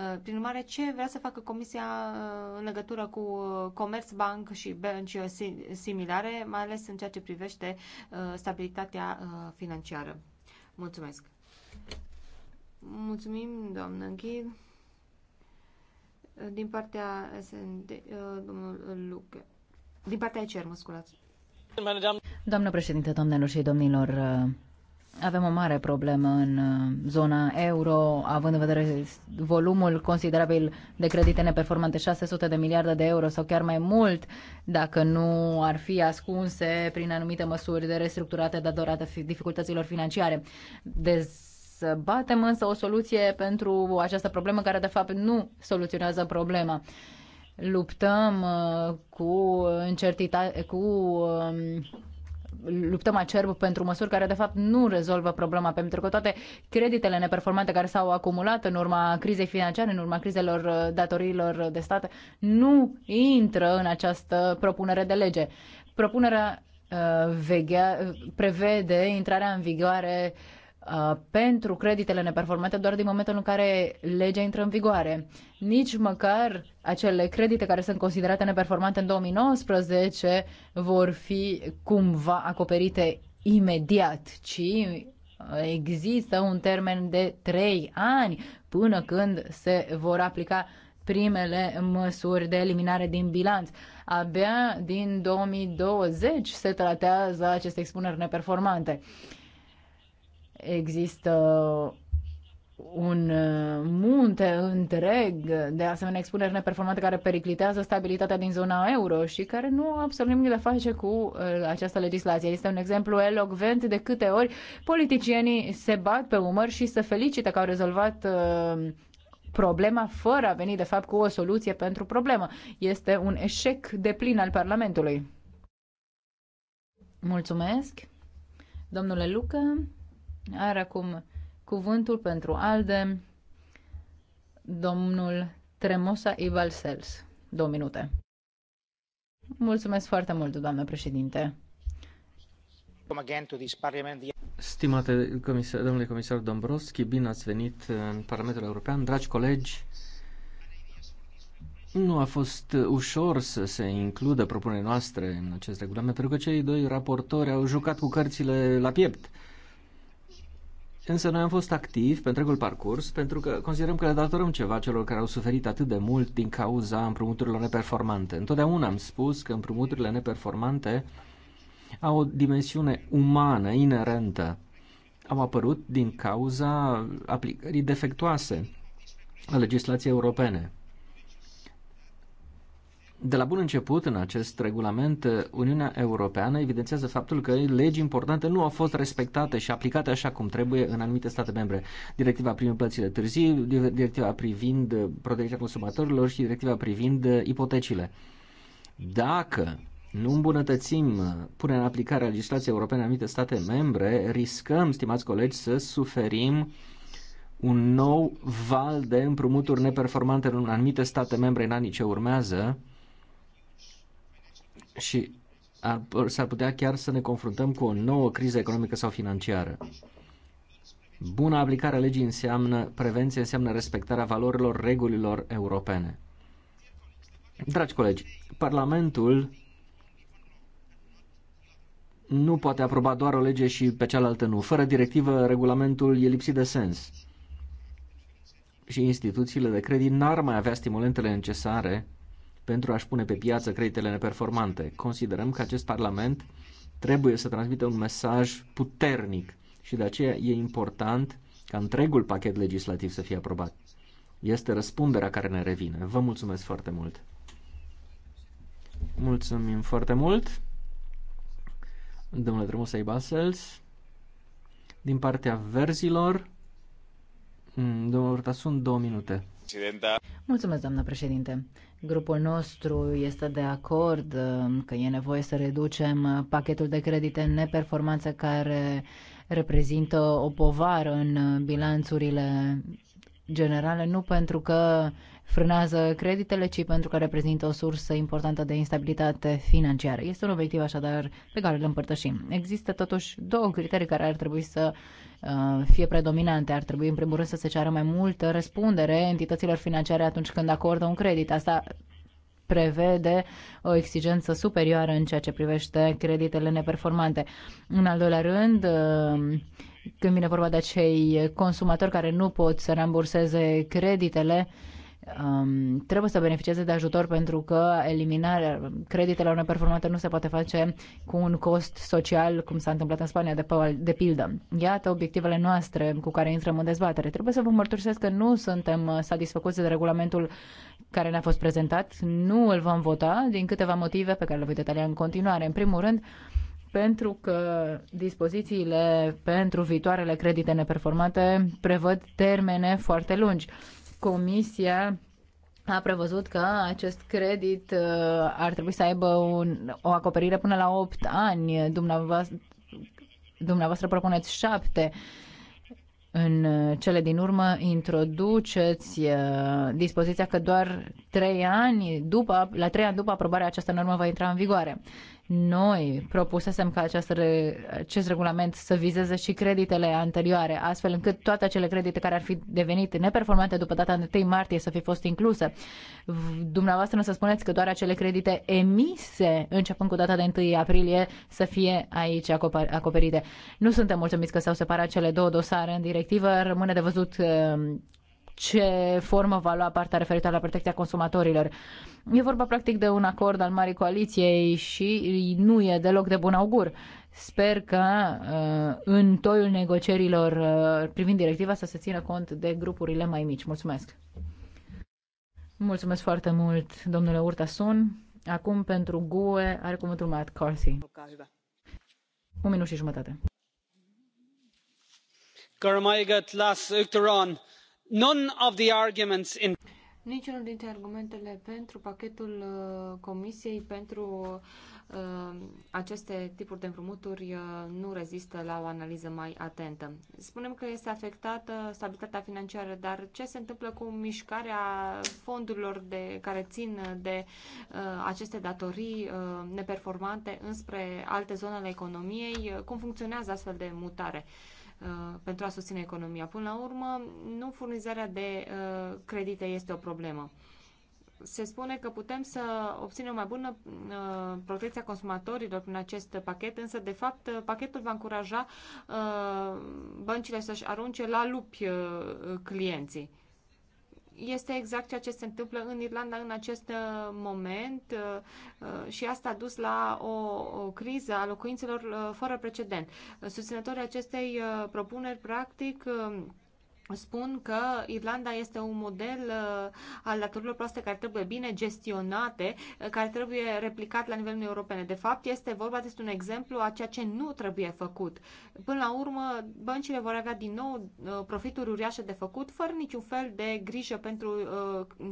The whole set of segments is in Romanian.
Uh, prin urmare, ce vrea să facă Comisia uh, în legătură cu uh, Bank și bănci similare, mai ales în ceea ce privește stabilitatea financiară? Mulțumesc! Mulțumim, doamnă Ghil. Din partea SND, domnul Luc. Din partea ECR, mă sculați. Doamnă președinte, doamnelor și domnilor, avem o mare problemă în uh, zona euro, având în vedere volumul considerabil de credite neperformante, 600 de miliarde de euro sau chiar mai mult, dacă nu ar fi ascunse prin anumite măsuri de restructurate datorate dificultăților financiare. Dezbatem însă o soluție pentru această problemă care de fapt nu soluționează problema. Luptăm uh, cu, încertita- cu um, luptăm acerb pentru măsuri care de fapt nu rezolvă problema, pentru că toate creditele neperformante care s-au acumulat în urma crizei financiare, în urma crizelor uh, datoriilor de stat, nu intră în această propunere de lege. Propunerea uh, veghea, prevede intrarea în vigoare uh, Uh, pentru creditele neperformante doar din momentul în care legea intră în vigoare. Nici măcar acele credite care sunt considerate neperformante în 2019 vor fi cumva acoperite imediat, ci uh, există un termen de 3 ani până când se vor aplica primele măsuri de eliminare din bilanț. Abia din 2020 se tratează aceste expuneri neperformante. Există un uh, munte întreg de asemenea expuneri neperformante care periclitează stabilitatea din zona euro și care nu au absolut nimic de face cu uh, această legislație. Este un exemplu elogvent de câte ori politicienii se bat pe umăr și se felicită că au rezolvat uh, problema fără a veni de fapt cu o soluție pentru problemă. Este un eșec de plin al Parlamentului. Mulțumesc. Domnule Lucă, are acum cuvântul pentru ALDE domnul Tremosa Ivalsels. Două minute. Mulțumesc foarte mult, doamnă președinte. Stimate comisar, domnule comisar Dombrovski, bine ați venit în Parlamentul European. Dragi colegi, nu a fost ușor să se includă propunerile noastre în acest regulament, pentru că cei doi raportori au jucat cu cărțile la piept. Însă noi am fost activi pe întregul parcurs pentru că considerăm că le datorăm ceva celor care au suferit atât de mult din cauza împrumuturilor neperformante. Întotdeauna am spus că împrumuturile neperformante au o dimensiune umană, inerentă. Au apărut din cauza aplicării defectuoase a legislației europene. De la bun început, în acest regulament, Uniunea Europeană evidențiază faptul că legi importante nu au fost respectate și aplicate așa cum trebuie în anumite state membre. Directiva privind plățile târzii, directiva privind protecția consumatorilor și directiva privind ipotecile. Dacă nu îmbunătățim punerea în aplicare a legislației europene în anumite state membre, riscăm, stimați colegi, să suferim un nou val de împrumuturi neperformante în anumite state membre în anii ce urmează, și ar, s-ar putea chiar să ne confruntăm cu o nouă criză economică sau financiară. Buna aplicare a legii înseamnă prevenție, înseamnă respectarea valorilor, regulilor europene. Dragi colegi, Parlamentul nu poate aproba doar o lege și pe cealaltă nu. Fără directivă, regulamentul e lipsit de sens. Și instituțiile de credit n-ar mai avea stimulentele necesare pentru a-și pune pe piață creditele neperformante. Considerăm că acest Parlament trebuie să transmită un mesaj puternic și de aceea e important ca întregul pachet legislativ să fie aprobat. Este răspunderea care ne revine. Vă mulțumesc foarte mult! Mulțumim foarte mult, domnule Drămusei Basels. Din partea verzilor, mm, domnul Urtasun, două minute. Mulțumesc, doamnă președinte. Grupul nostru este de acord um, că e nevoie să reducem uh, pachetul de credite în neperformanță care reprezintă o povară în uh, bilanțurile generale, nu pentru că frânează creditele, ci pentru că reprezintă o sursă importantă de instabilitate financiară. Este un obiectiv așadar pe care îl împărtășim. Există totuși două criterii care ar trebui să uh, fie predominante. Ar trebui în primul rând să se ceară mai multă răspundere entităților financiare atunci când acordă un credit. Asta prevede o exigență superioară în ceea ce privește creditele neperformante. În al doilea rând, uh, când vine vorba de acei consumatori care nu pot să ramburseze creditele, um, trebuie să beneficieze de ajutor pentru că eliminarea creditelor neperformante nu se poate face cu un cost social, cum s-a întâmplat în Spania, de, de pildă. Iată obiectivele noastre cu care intrăm în dezbatere. Trebuie să vă mărturisesc că nu suntem uh, satisfăcuți de regulamentul care ne-a fost prezentat. Nu îl vom vota din câteva motive pe care le voi detalia în continuare. În primul rând, pentru că dispozițiile pentru viitoarele credite neperformante prevăd termene foarte lungi. Comisia a prevăzut că acest credit uh, ar trebui să aibă un, o acoperire până la 8 ani. Dumneavoastră, dumneavoastră propuneți 7. În cele din urmă introduceți uh, dispoziția că doar 3 ani după, la 3 ani după aprobarea această normă va intra în vigoare. Noi propusesem ca această, acest regulament să vizeze și creditele anterioare, astfel încât toate acele credite care ar fi devenit neperformante după data de 1 martie să fi fost incluse. Dumneavoastră nu să spuneți că doar acele credite emise începând cu data de 1 aprilie să fie aici acoperite. Nu suntem mulțumiți că s-au separat cele două dosare în directivă. Rămâne de văzut ehm, ce formă va lua partea referitoare la protecția consumatorilor. E vorba practic de un acord al Marii Coaliției și nu e deloc de bun augur. Sper că uh, în toiul negocierilor uh, privind directiva să se țină cont de grupurile mai mici. Mulțumesc! Mulțumesc foarte mult, domnule Urtasun. Acum pentru GUE are cuvântul Matt Carthy. Un minut și jumătate. Gurmaigat las Uachtaráin Niciunul dintre argumentele pentru pachetul uh, Comisiei pentru uh, aceste tipuri de împrumuturi uh, nu rezistă la o analiză mai atentă. Spunem că este afectată stabilitatea financiară, dar ce se întâmplă cu mișcarea fondurilor de, care țin de uh, aceste datorii neperformante înspre alte zone ale economiei? Cum funcționează astfel de mutare? Uh, Uh, pentru a susține economia. Până la urmă, nu furnizarea de uh, credite este o problemă se spune că putem să obținem mai bună uh, protecția consumatorilor prin acest pachet, însă, de fapt, pachetul va încuraja băncile să-și arunce la lupi clienții este exact ceea ce se întâmplă în Irlanda în acest uh, moment uh, uh, și asta a dus la o, o criză a locuințelor fără precedent. Susținătorii acestei propuneri, practic, spun că Irlanda este un model uh, al datorilor proaste care trebuie bine gestionate, uh, care trebuie replicat la nivelul european. De fapt, este vorba despre un exemplu a ceea ce nu trebuie făcut. Până la urmă, băncile vor avea din nou uh, profituri uriașe de făcut, fără niciun fel de grijă pentru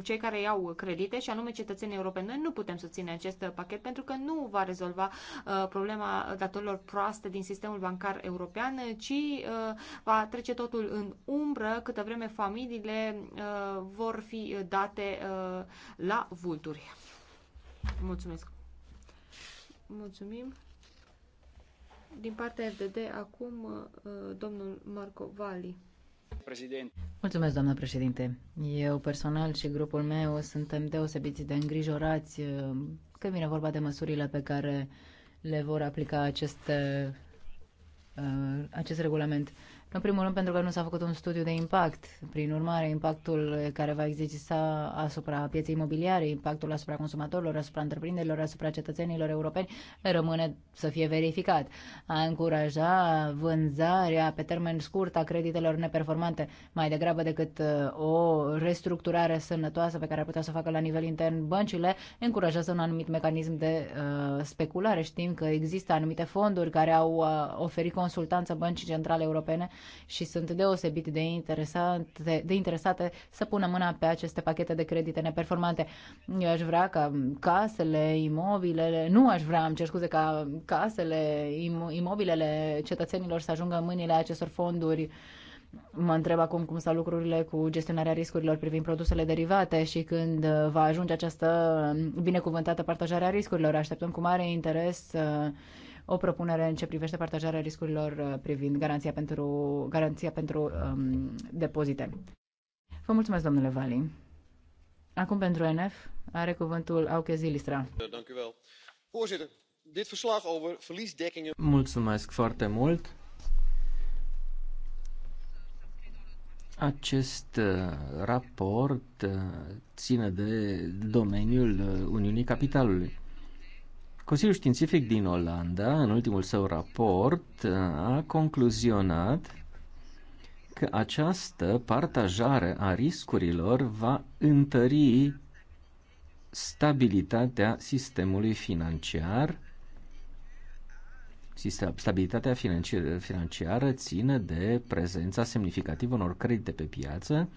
cei care iau credite, și anume cetățenii europeni. Noi nu putem susține acest pachet pentru că nu va rezolva problema datorilor proaste din sistemul bancar european, ci va trece totul în umbră fără câtă vreme familiile uh, vor fi uh, date uh, la vulturi. Mulțumesc. Mulțumim. Din partea FDD, acum uh, domnul Marco Vali. Președinte. Mulțumesc, doamnă președinte. Eu personal și grupul meu suntem deosebiți de îngrijorați uh, când vine vorba de măsurile pe care le vor aplica aceste, uh, acest regulament. În primul rând pentru că nu s-a făcut un studiu de impact. Prin urmare, impactul care va exista asupra pieței imobiliare, impactul asupra consumatorilor, asupra întreprinderilor, asupra cetățenilor europeni rămâne să fie verificat. A încuraja vânzarea pe termen scurt a creditelor neperformante mai degrabă decât uh, o restructurare sănătoasă pe care ar putea să o facă la nivel intern băncile, încurajează un anumit mecanism de uh, speculare. Știm că există anumite fonduri care au uh, oferit consultanță băncii centrale europene și sunt deosebit de, interesante, de interesate să pună mâna pe aceste pachete de credite neperformante. Eu aș vrea ca casele, imobilele, nu aș vrea, îmi cer scuze, ca casele, imobilele cetățenilor să ajungă în mâinile acestor fonduri Mă întreb acum cum stau lucrurile cu gestionarea riscurilor privind produsele derivate și când va ajunge această binecuvântată partajare a riscurilor. Așteptăm cu mare interes uh, o propunere în ce privește partajarea riscurilor uh, privind garanția pentru, garanția pentru um, depozite. Vă mulțumesc, domnule Vali. Acum pentru NF are cuvântul Auke Zilistra. Mulțumesc foarte mult. Acest uh, raport uh, ține de domeniul Uniunii Capitalului. Consiliul Științific din Olanda, în ultimul său raport, a concluzionat că această partajare a riscurilor va întări stabilitatea sistemului financiar. Stabilitatea financiară ține de prezența semnificativă unor credite pe piață,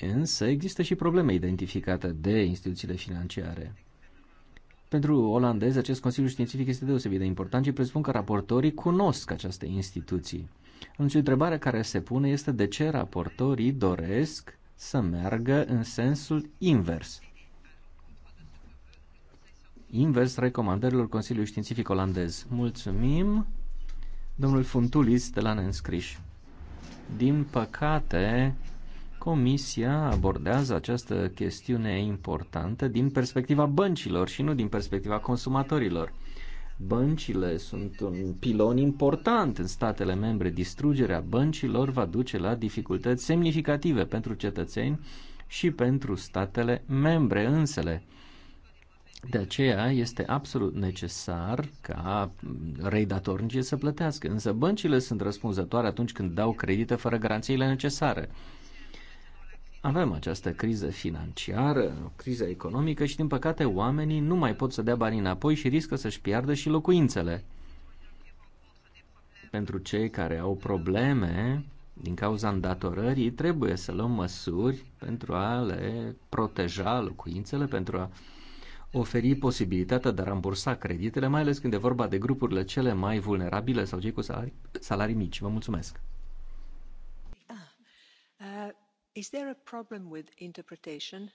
însă există și probleme identificate de instituțiile financiare. Pentru olandezi, acest Consiliu Științific este deosebit de important și presupun că raportorii cunosc această instituții. Atunci, întrebarea care se pune este de ce raportorii doresc să meargă în sensul invers. Invers recomandărilor Consiliului Științific Olandez. Mulțumim, domnul Funtulis de la Nenscriș. Din păcate, Comisia abordează această chestiune importantă din perspectiva băncilor și nu din perspectiva consumatorilor. Băncile sunt un pilon important în statele membre. Distrugerea băncilor va duce la dificultăți semnificative pentru cetățeni și pentru statele membre însele. De aceea este absolut necesar ca rei să plătească, însă băncile sunt răspunzătoare atunci când dau credite fără garanțiile necesare. Avem această criză financiară, o criză economică și, din păcate, oamenii nu mai pot să dea bani înapoi și riscă să-și piardă și locuințele. Pentru cei care au probleme din cauza îndatorării, trebuie să luăm măsuri pentru a le proteja locuințele, pentru a oferi posibilitatea de a rambursa creditele, mai ales când e vorba de grupurile cele mai vulnerabile sau cei cu salarii, salarii mici. Vă mulțumesc! Is there a problem with interpretation?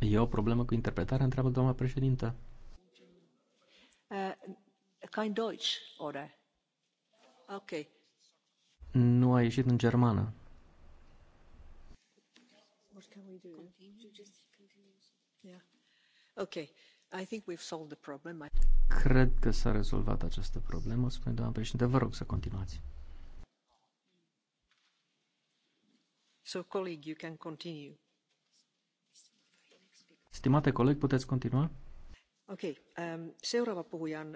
E o problemă cu interpretarea? Întreabă doamna președintă. Uh, kein Deutsch, oder? Ok. Nu a ieșit în germană. What can we do? Yeah. Ok. I think we've solved the problem. Cred că s-a rezolvat această problemă, spune doamna președinte. Vă rog să continuați. Stimate coleg, puteți continua? Ok. Um,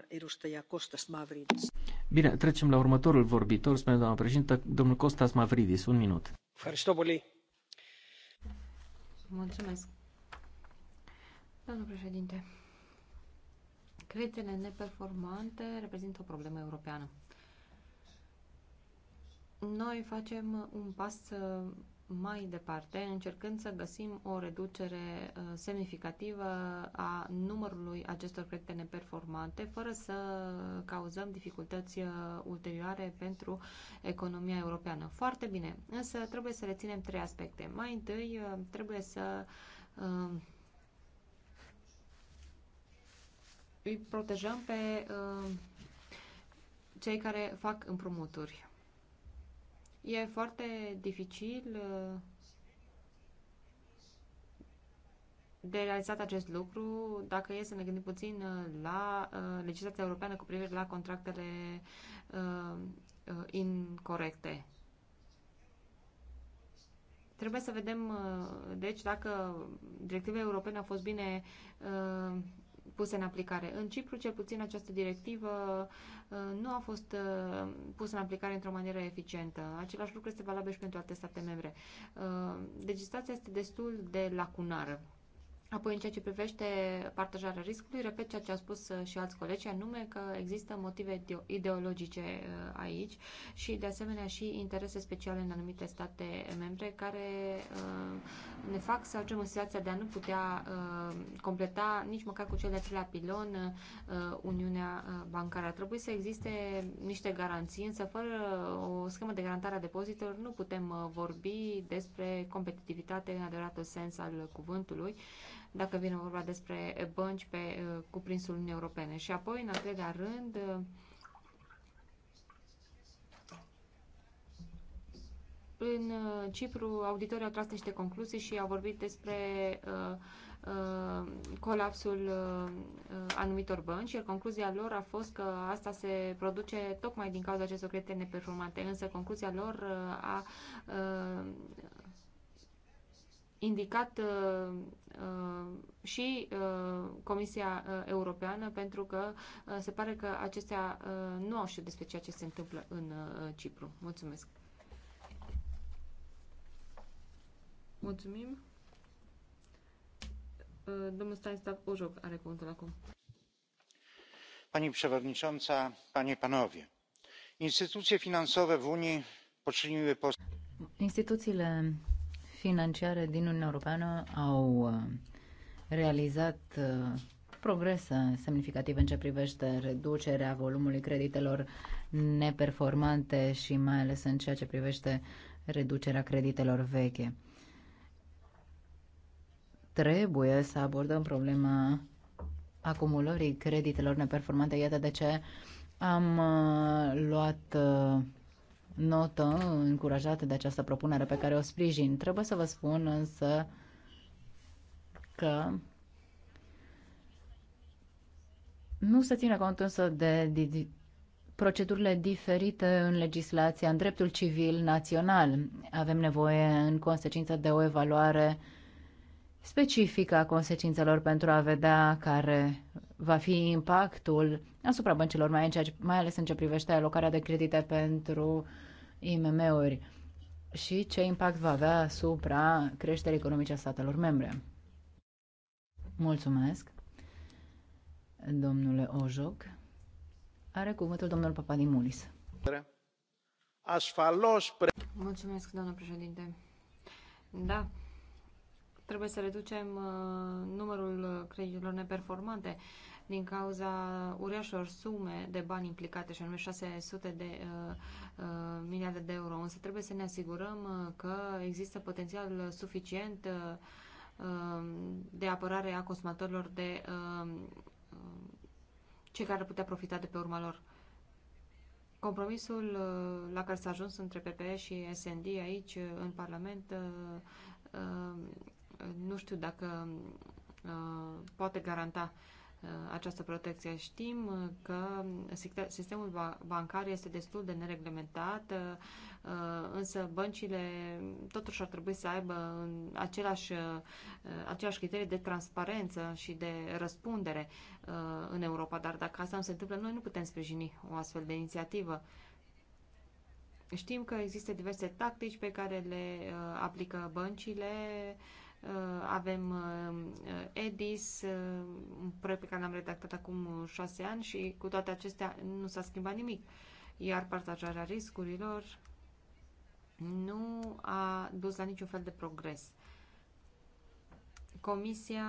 Bine, trecem la următorul vorbitor, spune doamna președintă, domnul Costas Mavridis, un minut. Mulțumesc. Doamnă președinte, creditele neperformante reprezintă o problemă europeană. Noi facem un pas mai departe, încercând să găsim o reducere uh, semnificativă a numărului acestor proiecte neperformante, fără să cauzăm dificultăți uh, ulterioare pentru economia europeană. Foarte bine, însă trebuie să reținem trei aspecte. Mai întâi, uh, trebuie să îi protejăm pe cei care fac împrumuturi E foarte dificil uh, de realizat acest lucru dacă e să ne gândim puțin uh, la uh, legislația europeană cu privire la contractele incorrecte. Trebuie să vedem, deci, dacă directivele europene au fost bine puse în aplicare. În Cipru, cel puțin, această directivă uh, nu a fost uh, pusă în aplicare într-o manieră eficientă. Același lucru este valabil și pentru alte state membre. Uh, legislația este destul de lacunară. Apoi, în ceea ce privește partajarea riscului, repet ceea ce au spus uh, și alți colegi, anume că există motive ideologice uh, aici și, de asemenea, și interese speciale în anumite state membre care uh, ne fac să ajungem în situația de a nu putea completa nici măcar cu cel de-al treilea pilon Uniunea Bancară. Ar trebui să existe niște garanții, însă fără o schemă de garantare a depozitelor nu putem vorbi despre competitivitate în adevăratul sens al cuvântului dacă vine vorba despre eh, bănci pe eh, cuprinsul Uniunii Europene. Și apoi, în al treilea rând, eh, în Cipru, auditorii au tras niște concluzii și au vorbit despre colapsul anumitor bănci, iar concluzia lor a fost că asta se produce tocmai din cauza acestor credite neperformante. Însă concluzia lor a indicat uh, uh, și uh, Comisia uh, Europeană pentru că uh, se pare că acestea uh, nu au știut despre ceea ce se întâmplă în Cipru. Mulțumesc! Mulțumim! Domnul Stanislav Ojoc are cuvântul acum. Pani przewodnicząca, panie panowie. Instytucje finansowe w Unii poczyniły postęp. Instytucjele financiare din Uniunea Europeană au uh, realizat uh, progrese semnificative în ce privește reducerea volumului creditelor neperformante și mai ales în ceea ce privește reducerea creditelor veche. Trebuie să abordăm problema acumulării creditelor neperformante. Iată de ce am uh, luat notă încurajată de această propunere pe care o sprijin. Trebuie să vă spun însă că nu se ține cont însă de, de, de procedurile diferite în legislația, în dreptul civil național. Avem nevoie în consecință de o evaluare uh, specifică a consecințelor pentru a vedea care va fi impactul asupra băncilor, mai, în ce, mai ales în ce privește alocarea de credite pentru IMM-uri și ce impact va avea asupra creșterii economice a statelor membre. Mulțumesc, domnule Ojoc. Are cuvântul domnul Papadimulis. Mulțumesc, doamnă președinte. Da, Trebuie să reducem uh, numărul uh, creditelor neperformante din cauza uriașor sume de bani implicate, și anume 600 de uh, uh, miliarde de euro. Însă trebuie să ne asigurăm uh, că există potențial suficient uh, de apărare a consumatorilor de uh, cei care ar putea profita de pe urma lor. Compromisul la care s-a ajuns între PPE și SND aici în Parlament nu știu dacă uh, poate garanta uh, această protecție. Știm uh, că sistemul bancar este destul de nereglementat, însă băncile totuși ar trebui să aibă același, același criterii de transparență și de răspundere în Europa, dar dacă asta nu se întâmplă, noi nu putem sprijini o astfel de inițiativă. Știm că există diverse tactici pe care le aplică băncile, uh, Uh, avem uh, EDIS, uh, un proiect pe care l-am redactat acum șase ani și cu toate acestea nu s-a schimbat nimic. Iar partajarea riscurilor nu a dus la niciun fel de progres. Comisia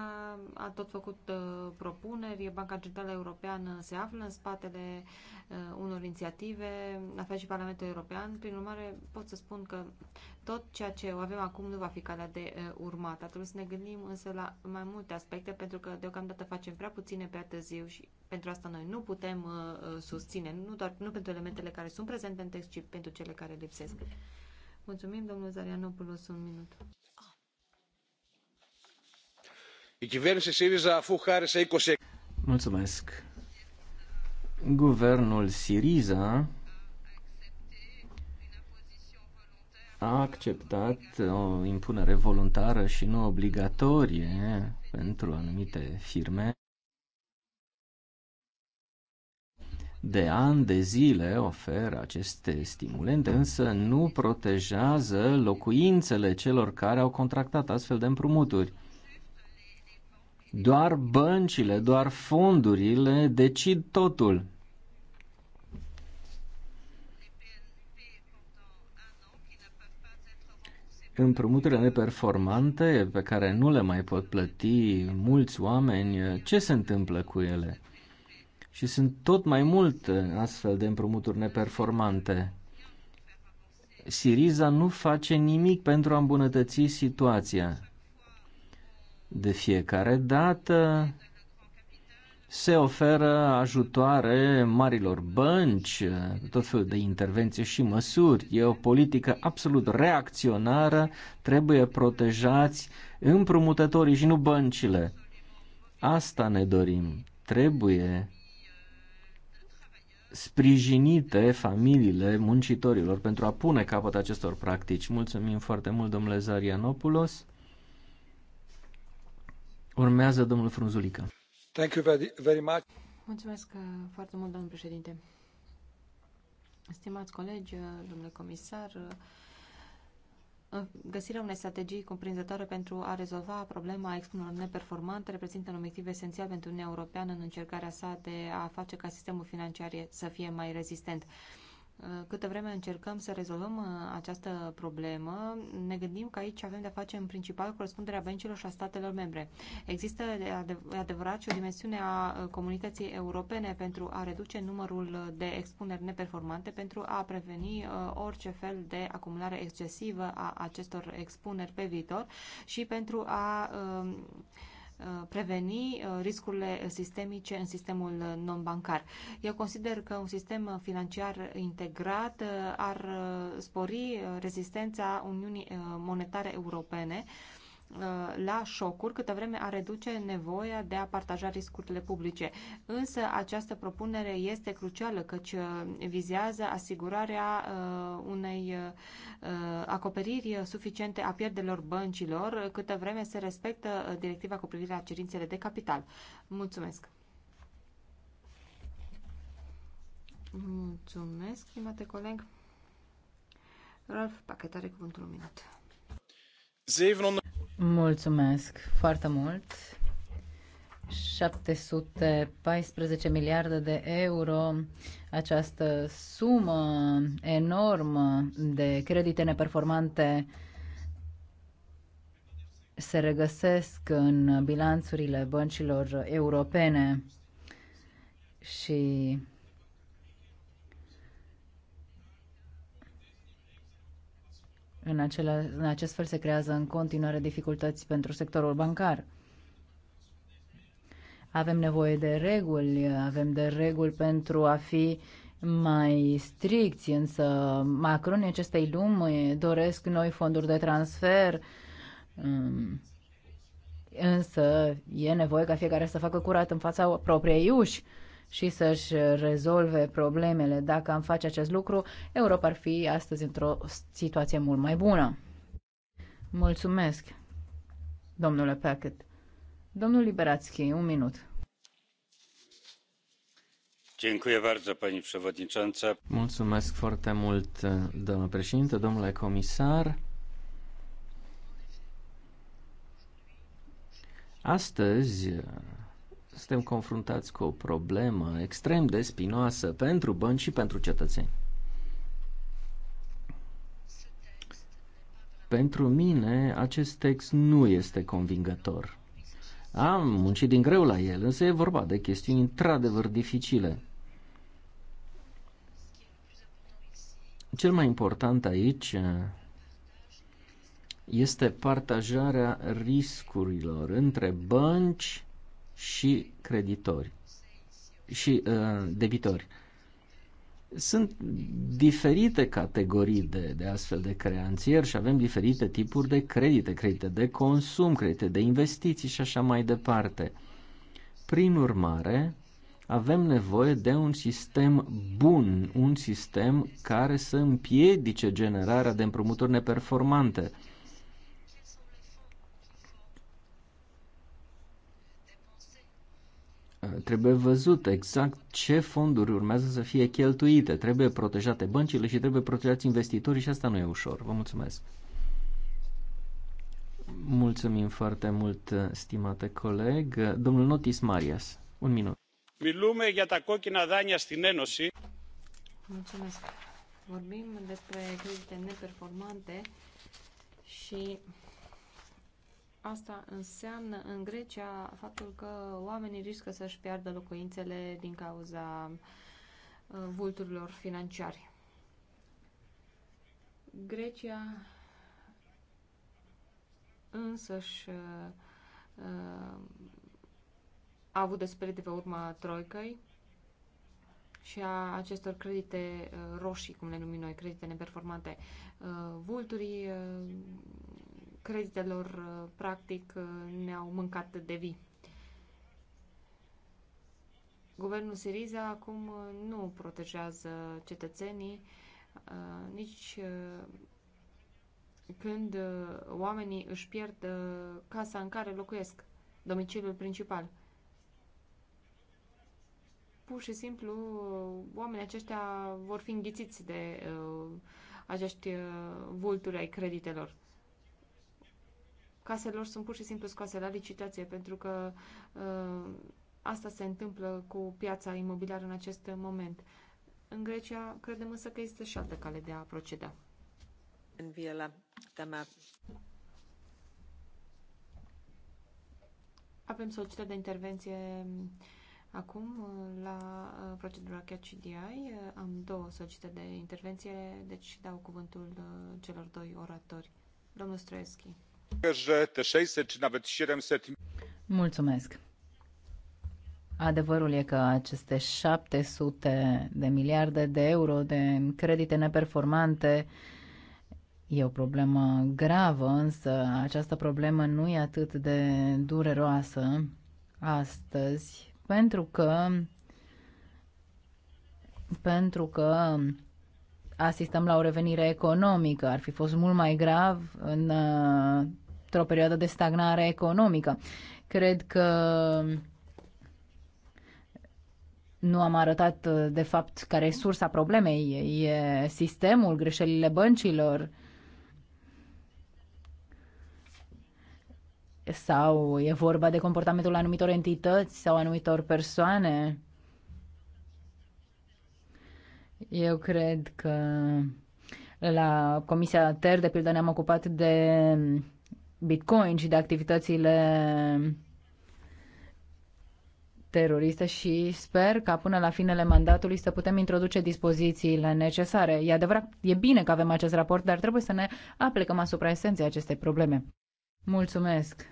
a tot făcut uh, propuneri, Banca Centrală Europeană se află în spatele uh, unor inițiative, la fel și Parlamentul European. Prin urmare, pot să spun că tot ceea ce o avem acum nu va fi calea de uh, urmat. Ar trebui să ne gândim însă la mai multe aspecte, pentru că deocamdată facem prea puține prea târziu și pentru asta noi nu putem uh, uh susține, nu doar nu pentru elementele care sunt prezente în text, ci pentru cele care lipsesc. Mulțumim, domnul Zarianopoulos, un minut. Mulțumesc. Guvernul Siriza a acceptat o impunere voluntară și nu obligatorie pentru anumite firme. De ani de zile oferă aceste stimulente, însă nu protejează locuințele celor care au contractat astfel de împrumuturi. Doar băncile, doar fondurile decid totul. împrumuturile neperformante pe care nu le mai pot plăti mulți oameni, ce se întâmplă cu ele? Și sunt tot mai multe astfel de împrumuturi neperformante. Siriza nu face nimic pentru a îmbunătăți situația. De fiecare dată se oferă ajutoare marilor bănci, tot felul de intervenții și măsuri. E o politică absolut reacționară, trebuie protejați împrumutătorii și nu băncile. Asta ne dorim. Trebuie sprijinite familiile muncitorilor pentru a pune capăt acestor practici. Mulțumim foarte mult, domnule Zarianopoulos. Urmează domnul Frunzulică. Thank you very, very much. Mulțumesc uh, foarte mult, domnul președinte. Stimați colegi, uh, domnule comisar, uh, Găsirea unei strategii cuprinzătoare pentru a rezolva problema expunerilor neperformante reprezintă un obiectiv esențial pentru Uniunea Europeană în încercarea sa de a face ca sistemul financiar să fie mai rezistent. Câtă vreme încercăm să rezolvăm uh, această problemă, ne gândim că aici avem de-a face în principal cu răspunderea băncilor și a statelor membre. Există adevărat și o dimensiune a uh, comunității europene pentru a reduce numărul de expuneri neperformante, pentru a preveni uh, orice fel de acumulare excesivă a acestor expuneri pe viitor și pentru a Uh, preveni uh, riscurile sistemice în sistemul non-bancar. Eu consider că un sistem financiar integrat uh, ar spori rezistența Uniunii Monetare Europene Uh, la șocuri, câtă vreme a reduce nevoia de a partaja riscurile publice. Însă această propunere este crucială, căci uh, vizează asigurarea uh, unei acoperiri suficiente a pierderilor băncilor, câtă vreme se respectă directiva cu privire la cerințele de capital. Mulțumesc! Mulțumesc, stimate coleg. Ralf Pachet are cuvântul un minut. 700... Mulțumesc foarte mult. 714 miliarde de euro, această sumă enormă de credite neperformante se regăsesc în bilanțurile băncilor europene și În, acela, în acest fel se creează în continuare dificultăți pentru sectorul bancar. Avem nevoie de reguli, avem de reguli pentru a fi mai stricți, însă macronii acestei lumi doresc noi fonduri de transfer, um, însă e nevoie ca fiecare să facă curat în fața propriei uși și să-și rezolve problemele. Dacă am face acest lucru, Europa ar fi astăzi într-o situație mult mai bună. Mulțumesc, domnule Packet. Domnul Liberațchi, un minut. Mulțumesc foarte mult, doamnă președinte, domnule comisar. Astăzi suntem confruntați cu o problemă extrem de spinoasă pentru bănci și pentru cetățeni. Pentru mine, acest text nu este convingător. Am muncit din greu la el, însă e vorba de chestiuni într-adevăr dificile. Cel mai important aici este partajarea riscurilor între bănci și creditori și uh, debitori. Sunt diferite categorii de, de astfel de creanțieri și avem diferite tipuri de credite, credite de consum, credite de investiții și așa mai departe. Prin urmare, avem nevoie de un sistem bun, un sistem care să împiedice generarea de împrumuturi neperformante Trebuie văzut exact ce fonduri urmează să fie cheltuite. Trebuie protejate băncile și trebuie protejați investitorii și asta nu e ușor. Vă mulțumesc! Mulțumim foarte mult, stimate coleg. Domnul Notis Marias, un minut. Milume iată cochina dania δάνεια στην Mulțumesc. Vorbim despre credite neperformante și Asta înseamnă în Grecia faptul că oamenii riscă să-și piardă locuințele din cauza uh, vulturilor financiari. Grecia însăși uh, uh, a avut despre de pe urma troicăi și a acestor credite roșii, cum le numim noi, credite neperformante. Vulturii creditelor uh, practic uh, ne-au mâncat de vii. Guvernul Siriza acum uh, nu protejează cetățenii nici când oamenii își pierd casa în care locuiesc, domiciliul principal. Pur și simplu, oamenii aceștia vor fi înghițiți de acești vulturi ai creditelor caselor sunt pur și simplu scoase la licitație, pentru că uh, asta se întâmplă cu piața imobiliară în acest moment. În Grecia credem însă că există și altă cale de a proceda. În Viela, tämä Avem solicitări de intervenție mm, acum uh, la uh, procedura CACDI. Uh, am două solicitări de intervenție, deci dau cuvântul celor doi oratori. Domnul Stroieschi. Mulțumesc. Adevărul e că aceste 700 de miliarde de euro de credite neperformante e o problemă gravă, însă această problemă nu e atât de dureroasă astăzi, pentru că pentru că asistăm la o revenire economică. Ar fi fost mult mai grav în într-o perioadă de stagnare economică. Cred că nu am arătat, de fapt, care e sursa problemei. E sistemul, greșelile băncilor sau e vorba de comportamentul anumitor entități sau anumitor persoane. Eu cred că la Comisia TER, de pildă, ne-am ocupat de Bitcoin și de activitățile teroriste și sper ca până la finele mandatului să putem introduce dispozițiile necesare. E adevărat, e bine că avem acest raport, dar trebuie să ne aplicăm asupra esenței acestei probleme. Mulțumesc,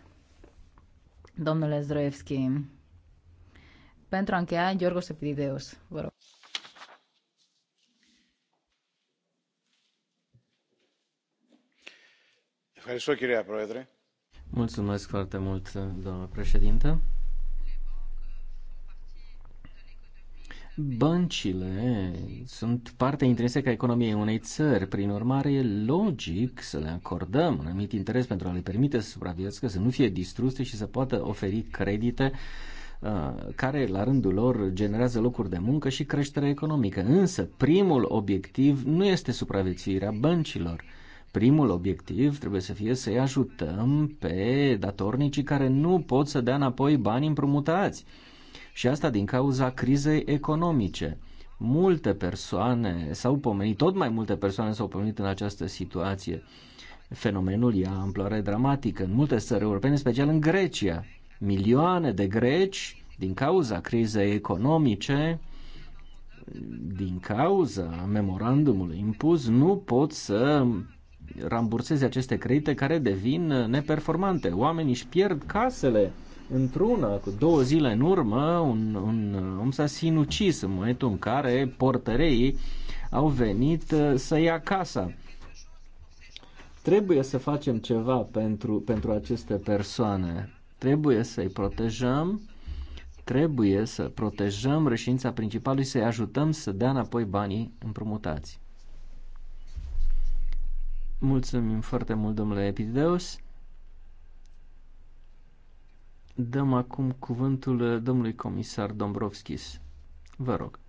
domnule Zdroevski. Pentru a încheia, Giorgos Epidideos, vă rog. Mulțumesc foarte mult, doamnă președintă. Băncile sunt parte intrinsecă a economiei unei țări, prin urmare e logic să le acordăm un anumit interes pentru a le permite să supraviețuiască, să nu fie distruse și să poată oferi credite uh, care la rândul lor generează locuri de muncă și creștere economică. Însă primul obiectiv nu este supraviețuirea băncilor Primul obiectiv trebuie să fie să-i ajutăm pe datornicii care nu pot să dea înapoi bani împrumutați. Și asta din cauza crizei economice. Multe persoane s-au pomenit, tot mai multe persoane s-au pomenit în această situație. Fenomenul ia amploare dramatică în multe țări europene, special în Grecia. Milioane de greci, din cauza crizei economice, din cauza memorandumului impus, nu pot să ramburseze aceste credite care devin neperformante. Oamenii își pierd casele într-una, cu două zile în urmă, un, un om s-a sinucis în momentul în care portăreii au venit uh, să ia casa. Trebuie să facem ceva pentru, pentru aceste persoane. Trebuie să-i protejăm, trebuie să protejăm reșința principalului, să-i ajutăm să dea înapoi banii împrumutați. Mulțumim foarte mult, domnule Epideus. Dăm acum cuvântul domnului comisar Dombrovskis. Vă rog.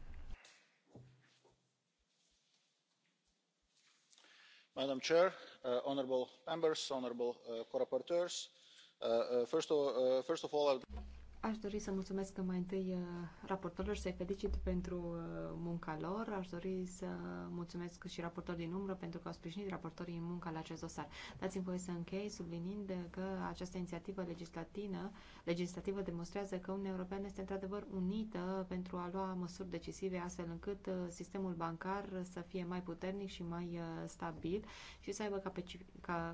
Madam Chair, uh, honorable members, honorable uh, co-rapporteurs, uh, uh, first, of, uh, first of all, I'll... Aș dori să mulțumesc mai întâi uh, raportorilor și să-i felicit pentru uh, munca lor. Aș dori să mulțumesc și raportorii din umbră pentru că au sprijinit raportorii în munca la acest dosar. Dați-mi voie să închei sublinind că această inițiativă legislativă, legislativă demonstrează că Uniunea Europeană este într-adevăr unită pentru a lua măsuri decisive astfel încât uh, sistemul bancar să fie mai puternic și mai stabil și să aibă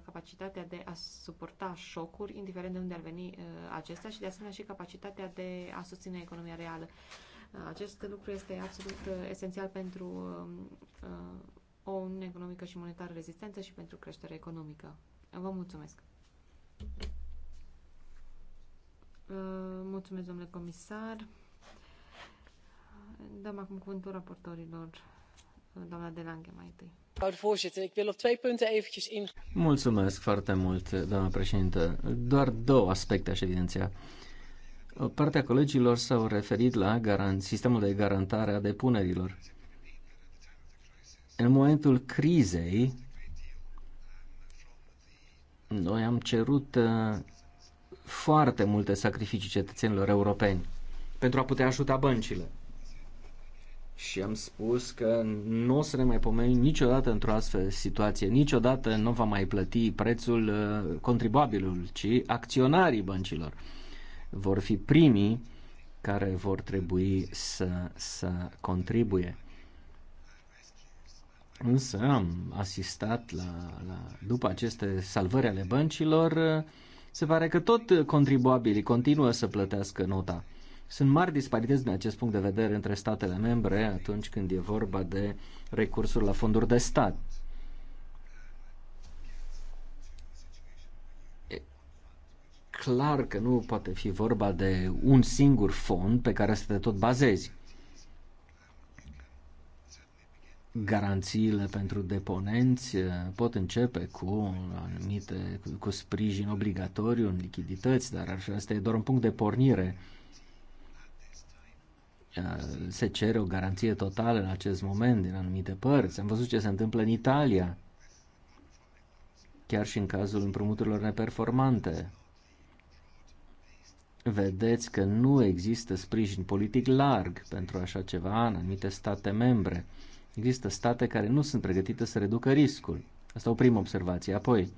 capacitatea de a suporta șocuri, indiferent de unde ar veni acestea și de asemenea și capacitatea capacitatea de a susține economia reală. Uh, acest lucru este absolut uh, esențial pentru uh, o uniune economică și monetară rezistentă și pentru creștere economică. Vă mulțumesc! Mulțumesc, domnule comisar. Dăm acum cuvântul raportorilor. Doamna de Lange, mai întâi. Mulțumesc foarte mult, doamna președintă. Doar două aspecte aș evidenția partea colegilor s-au referit la garant, sistemul de garantare a depunerilor. În momentul crizei, noi am cerut uh, foarte multe sacrificii cetățenilor europeni pentru a putea ajuta băncile. Și am spus că nu o să ne mai pomeni niciodată într-o astfel de situație, niciodată nu va mai plăti prețul uh, contribuabilul, ci acționarii băncilor vor fi primii care vor trebui să, să contribuie. Însă am asistat la, la, după aceste salvări ale băncilor, se pare că tot contribuabilii continuă să plătească nota. Sunt mari disparități din acest punct de vedere între statele membre atunci când e vorba de recursuri la fonduri de stat. clar că nu poate fi vorba de un singur fond pe care să te tot bazezi. Garanțiile pentru deponenți eh, pot începe cu anumite, cu sprijin obligatoriu în lichidități, dar ar fi, asta e doar un punct de pornire eh, se cere o garanție totală în acest moment din anumite părți. Am văzut ce se întâmplă în Italia, chiar și în cazul împrumuturilor neperformante vedeți că nu există sprijin politic larg pentru așa ceva în anumite state membre. Există state care nu sunt pregătite să reducă riscul. Asta o primă observație. Apoi,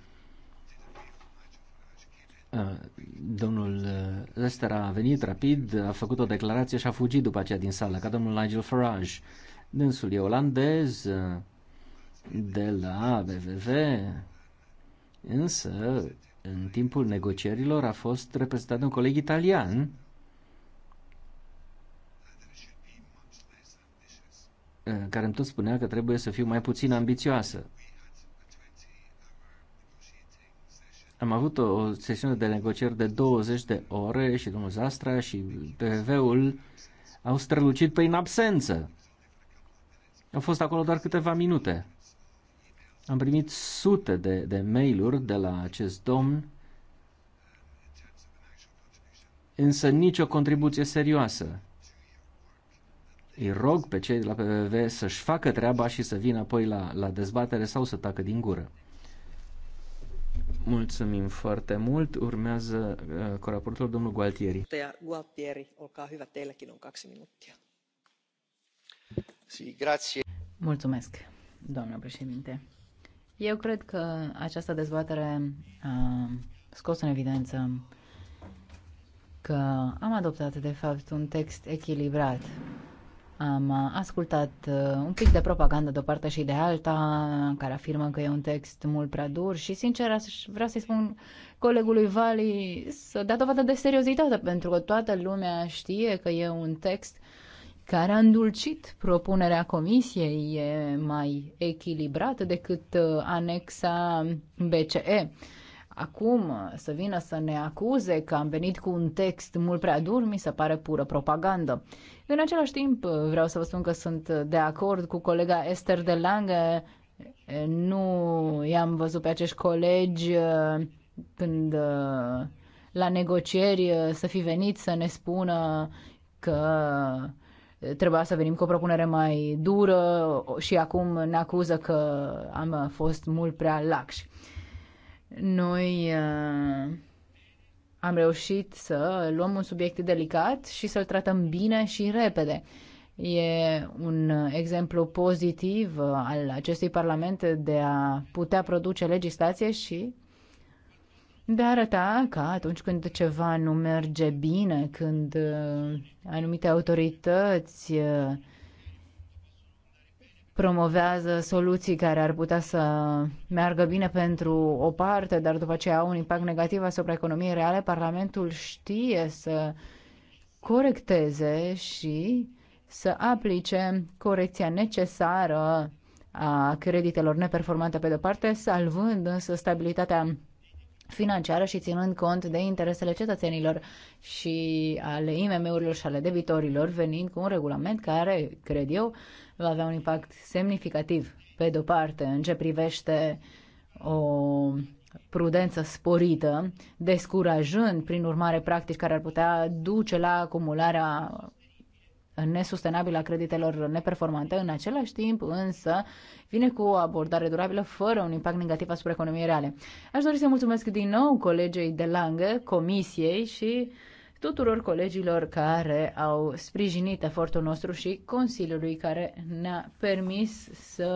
domnul Lester a venit rapid, a făcut o declarație și a fugit după aceea din sală, ca domnul Nigel Farage. Dânsul e olandez, de la BVV, însă în timpul negocierilor a fost reprezentat de un coleg italian. care îmi tot spunea că trebuie să fiu mai puțin ambițioasă. Am avut o sesiune de negocieri de 20 de ore și domnul Zastra și PV-ul au strălucit pe în absență. Au fost acolo doar câteva minute. Am primit sute de, de mail-uri de la acest domn, însă nicio contribuție serioasă. Îi rog pe cei de la PVV să-și facă treaba și să vină apoi la, la dezbatere sau să tacă din gură. Mulțumim foarte mult. Urmează uh, coraportul domnul Gualtieri. Gualtieri, olkaa hyvä, teilläkin on kaksi minuuttia. Si, grazie. Mulțumesc, doamna președinte. Eu cred că această dezbatere a scos în evidență că am adoptat, de fapt, un text echilibrat. Am ascultat uh, un pic de propagandă de o parte și de alta, care afirmă că e un text mult prea dur și, sincer, vreau să-i spun colegului Vali să dea dovadă de seriozitate, pentru că toată lumea știe că e un text care a îndulcit propunerea comisiei, e mai echilibrată decât uh, anexa BCE. Acum uh, să vină să ne acuze că am venit cu un text mult prea dur, mi se pare pură propagandă. În același timp, uh, vreau să vă spun că sunt de acord cu colega Esther de Lange. Nu i-am văzut pe acești colegi când la negocieri să fi venit să ne spună că Trebuia să venim cu o propunere mai dură și acum ne acuză că am fost mult prea laxi. Noi uh, am reușit să luăm un subiect delicat și să-l tratăm bine și repede. E un exemplu pozitiv uh, al acestui parlament de a putea produce legislație și de a arăta că atunci când ceva nu merge bine, când uh, anumite autorități uh, promovează soluții care ar putea să meargă bine pentru o parte, dar după aceea au un impact negativ asupra economiei reale, Parlamentul știe să corecteze și să aplice corecția necesară a creditelor neperformante pe de-o parte, salvând însă stabilitatea financiară și ținând cont de interesele cetățenilor și ale IMM-urilor și ale debitorilor, venind cu un regulament care, cred eu, va avea un impact semnificativ, pe de-o parte, în ce privește o prudență sporită, descurajând, prin urmare, practici care ar putea duce la acumularea nesustenabilă a creditelor neperformante, în același timp însă vine cu o abordare durabilă fără un impact negativ asupra economiei reale. Aș dori să mulțumesc din nou colegei de langă, comisiei și tuturor colegilor care au sprijinit efortul nostru și Consiliului care ne-a permis să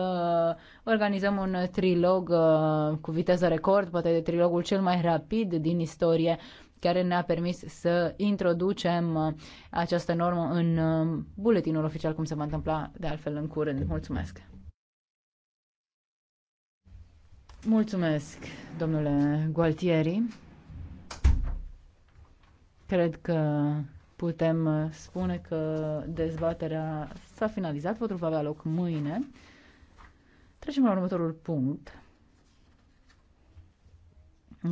organizăm un trilog uh, cu viteză record, poate de trilogul cel mai rapid din istorie care ne-a permis să introducem uh, această normă în uh, buletinul oficial, cum se va întâmpla de altfel în curând. Mulțumesc! Mulțumesc, domnule Gualtieri. Cred că putem uh, spune că dezbaterea s-a finalizat, votul va avea loc mâine. Trecem la următorul punct.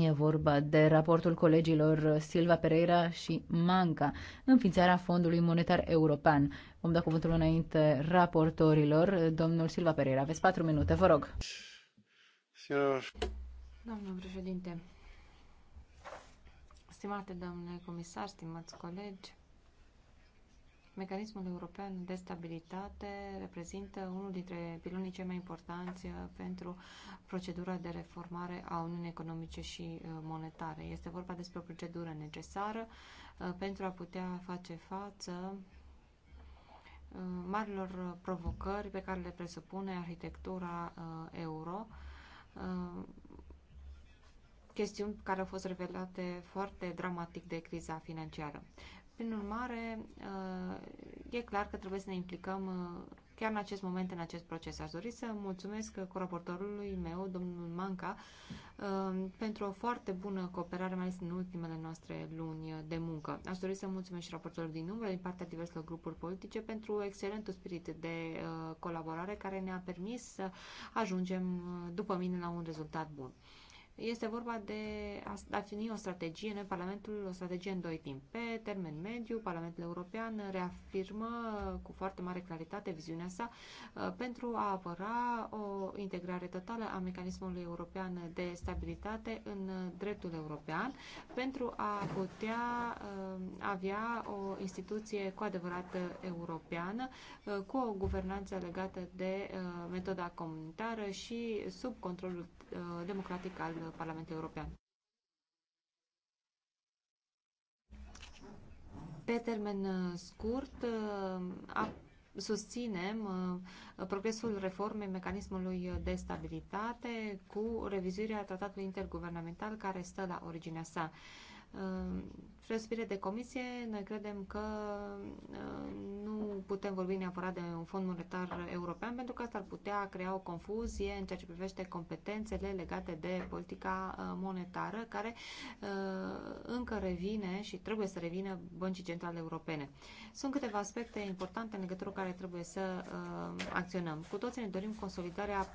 E vorba de raportul colegilor Silva Pereira și Manca, înființarea Fondului Monetar European. Vom da cuvântul înainte raportorilor. Domnul Silva Pereira, aveți patru minute, vă rog. Domnul președinte, stimate domnule comisar, stimați colegi, Mecanismul european de stabilitate reprezintă unul dintre pilonii cei mai importanți uh, pentru procedura de reformare a Uniunii Economice și uh, Monetare. Este vorba despre o procedură necesară uh, pentru a putea face față marilor provocări pe care le presupune arhitectura euro chestiuni care au fost revelate foarte dramatic de criza financiară. Prin urmare, uh, e clar că trebuie să ne implicăm uh, chiar în acest moment, în acest proces. Aș dori să mulțumesc coraportorului meu, domnul Manca, uh, pentru o foarte bună cooperare, mai ales în ultimele noastre luni de muncă. Aș dori să mulțumesc și raportorului din umbră, din partea diverselor grupuri politice, pentru excelentul spirit de colaborare care ne-a permis să ajungem, după mine, la un rezultat bun. Este vorba de a defini o strategie în Parlamentul, o strategie în doi timp. Pe termen mediu, Parlamentul European reafirmă cu foarte mare claritate viziunea sa uh, pentru a apăra o integrare totală a mecanismului european de stabilitate în dreptul european pentru a putea uh, avea o instituție cu adevărat europeană uh, cu o guvernanță legată de metoda comunitară și sub controlul democratic al Parlamentului European. Pe termen uh, scurt, uh, susținem uh, progresul reformei mecanismului de stabilitate cu revizuirea tratatului interguvernamental care stă la originea sa Spre spire de comisie, noi credem că uh, nu putem vorbi neapărat de un fond monetar european, pentru că asta ar putea crea o confuzie în ceea ce privește competențele legate de politica uh, monetară, care uh, încă revine și trebuie să revină băncii centrale europene. Sunt câteva aspecte importante în legătură cu care trebuie să acționăm. Cu toții ne dorim consolidarea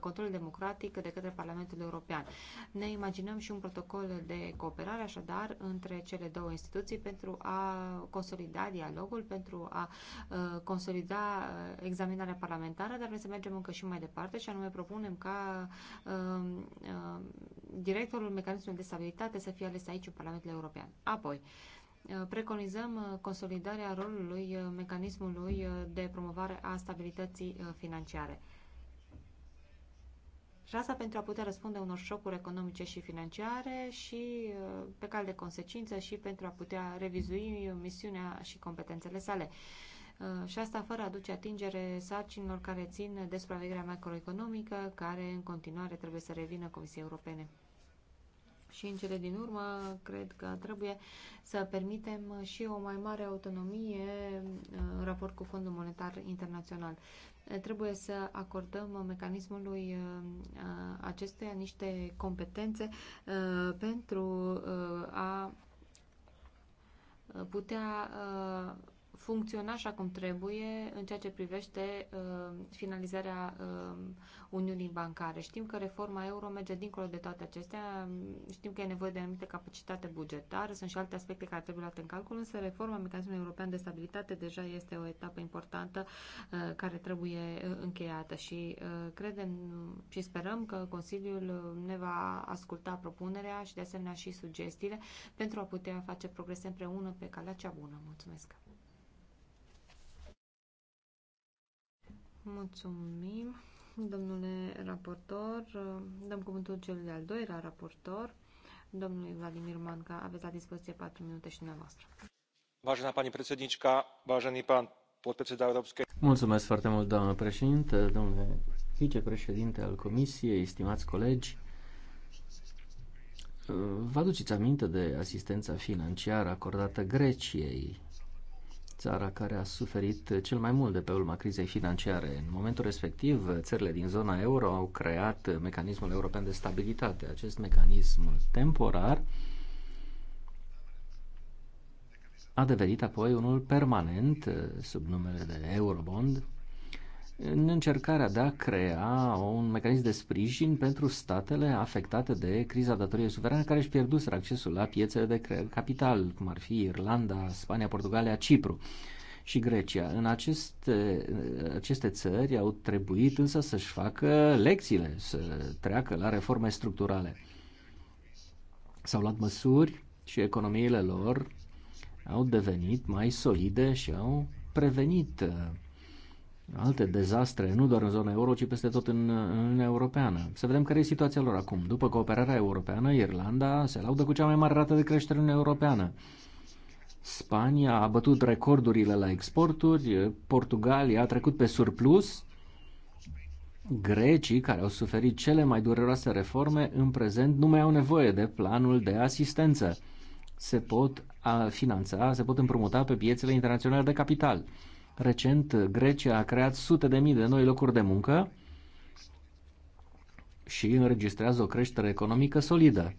controlului democratic de către Parlamentul European. Ne imaginăm și un protocol de cooperare, așadar, între cele două o instituții pentru a consolida dialogul, pentru a uh, consolida uh, examinarea parlamentară, dar vrem să mergem încă și mai departe și anume propunem ca um, um, directorul mecanismului de stabilitate să fie ales aici în Parlamentul European. Apoi, uh, preconizăm consolidarea rolului mecanismului de promovare a stabilității financiare. Și asta pentru a putea răspunde unor șocuri economice și financiare și uh, pe cal de consecință și pentru a putea revizui misiunea și competențele sale. Uh, și asta fără a duce atingere sarcinilor care țin de supravegherea macroeconomică, care în continuare trebuie să revină Comisiei Europene. Și în cele din urmă, cred că trebuie să permitem și o mai mare autonomie uh, în raport cu Fondul Monetar Internațional. Uh, trebuie să acordăm mecanismului uh, acestuia niște competențe pentru a putea funcționa așa cum trebuie în ceea ce privește uh, finalizarea uh, Uniunii Bancare. Știm că reforma euro merge dincolo de toate acestea, știm că e nevoie de anumite capacitate bugetară, sunt și alte aspecte care trebuie luate în calcul, însă reforma mecanismului european de stabilitate deja este o etapă importantă uh, care trebuie uh, încheiată și uh, credem și sperăm că Consiliul uh, ne va asculta propunerea și de asemenea și sugestiile pentru a putea face progrese împreună pe calea cea bună. Mulțumesc! Mulțumim, domnule raportor. Dăm cuvântul cel de-al doilea raportor, domnului Vladimir Manca. Aveți la dispoziție 4 minute și dumneavoastră. Vajena pani predsednička, vajeni pan podpredseda europske. Mulțumesc foarte mult, doamnă președinte, domnule vicepreședinte al Comisiei, estimați colegi. Vă aduceți aminte de asistența financiară acordată Greciei țara care a suferit cel mai mult de pe urma crizei financiare. În momentul respectiv, țările din zona euro au creat mecanismul european de stabilitate. Acest mecanism temporar a devenit apoi unul permanent sub numele de Eurobond în încercarea de a crea un mecanism de sprijin pentru statele afectate de criza datoriei suverane care își pierduseră accesul la piețele de capital, cum ar fi Irlanda, Spania, Portugalia, Cipru și Grecia. În aceste, aceste țări au trebuit însă să-și facă lecțiile, să treacă la reforme structurale. S-au luat măsuri și economiile lor au devenit mai solide și au prevenit uh, alte dezastre, nu doar în zona euro, ci peste tot în Uniunea Europeană. Să vedem care e situația lor acum. După cooperarea europeană, Irlanda se laudă cu cea mai mare rată de creștere în Uniunea Europeană. Spania a bătut recordurile la exporturi, Portugalia a trecut pe surplus, Grecii, care au suferit cele mai dureroase reforme, în prezent nu mai au nevoie de planul de asistență. Se pot finanța, se pot împrumuta pe piețele internaționale de capital. Recent, Grecia a creat sute de mii de noi locuri de muncă și înregistrează o creștere economică solidă.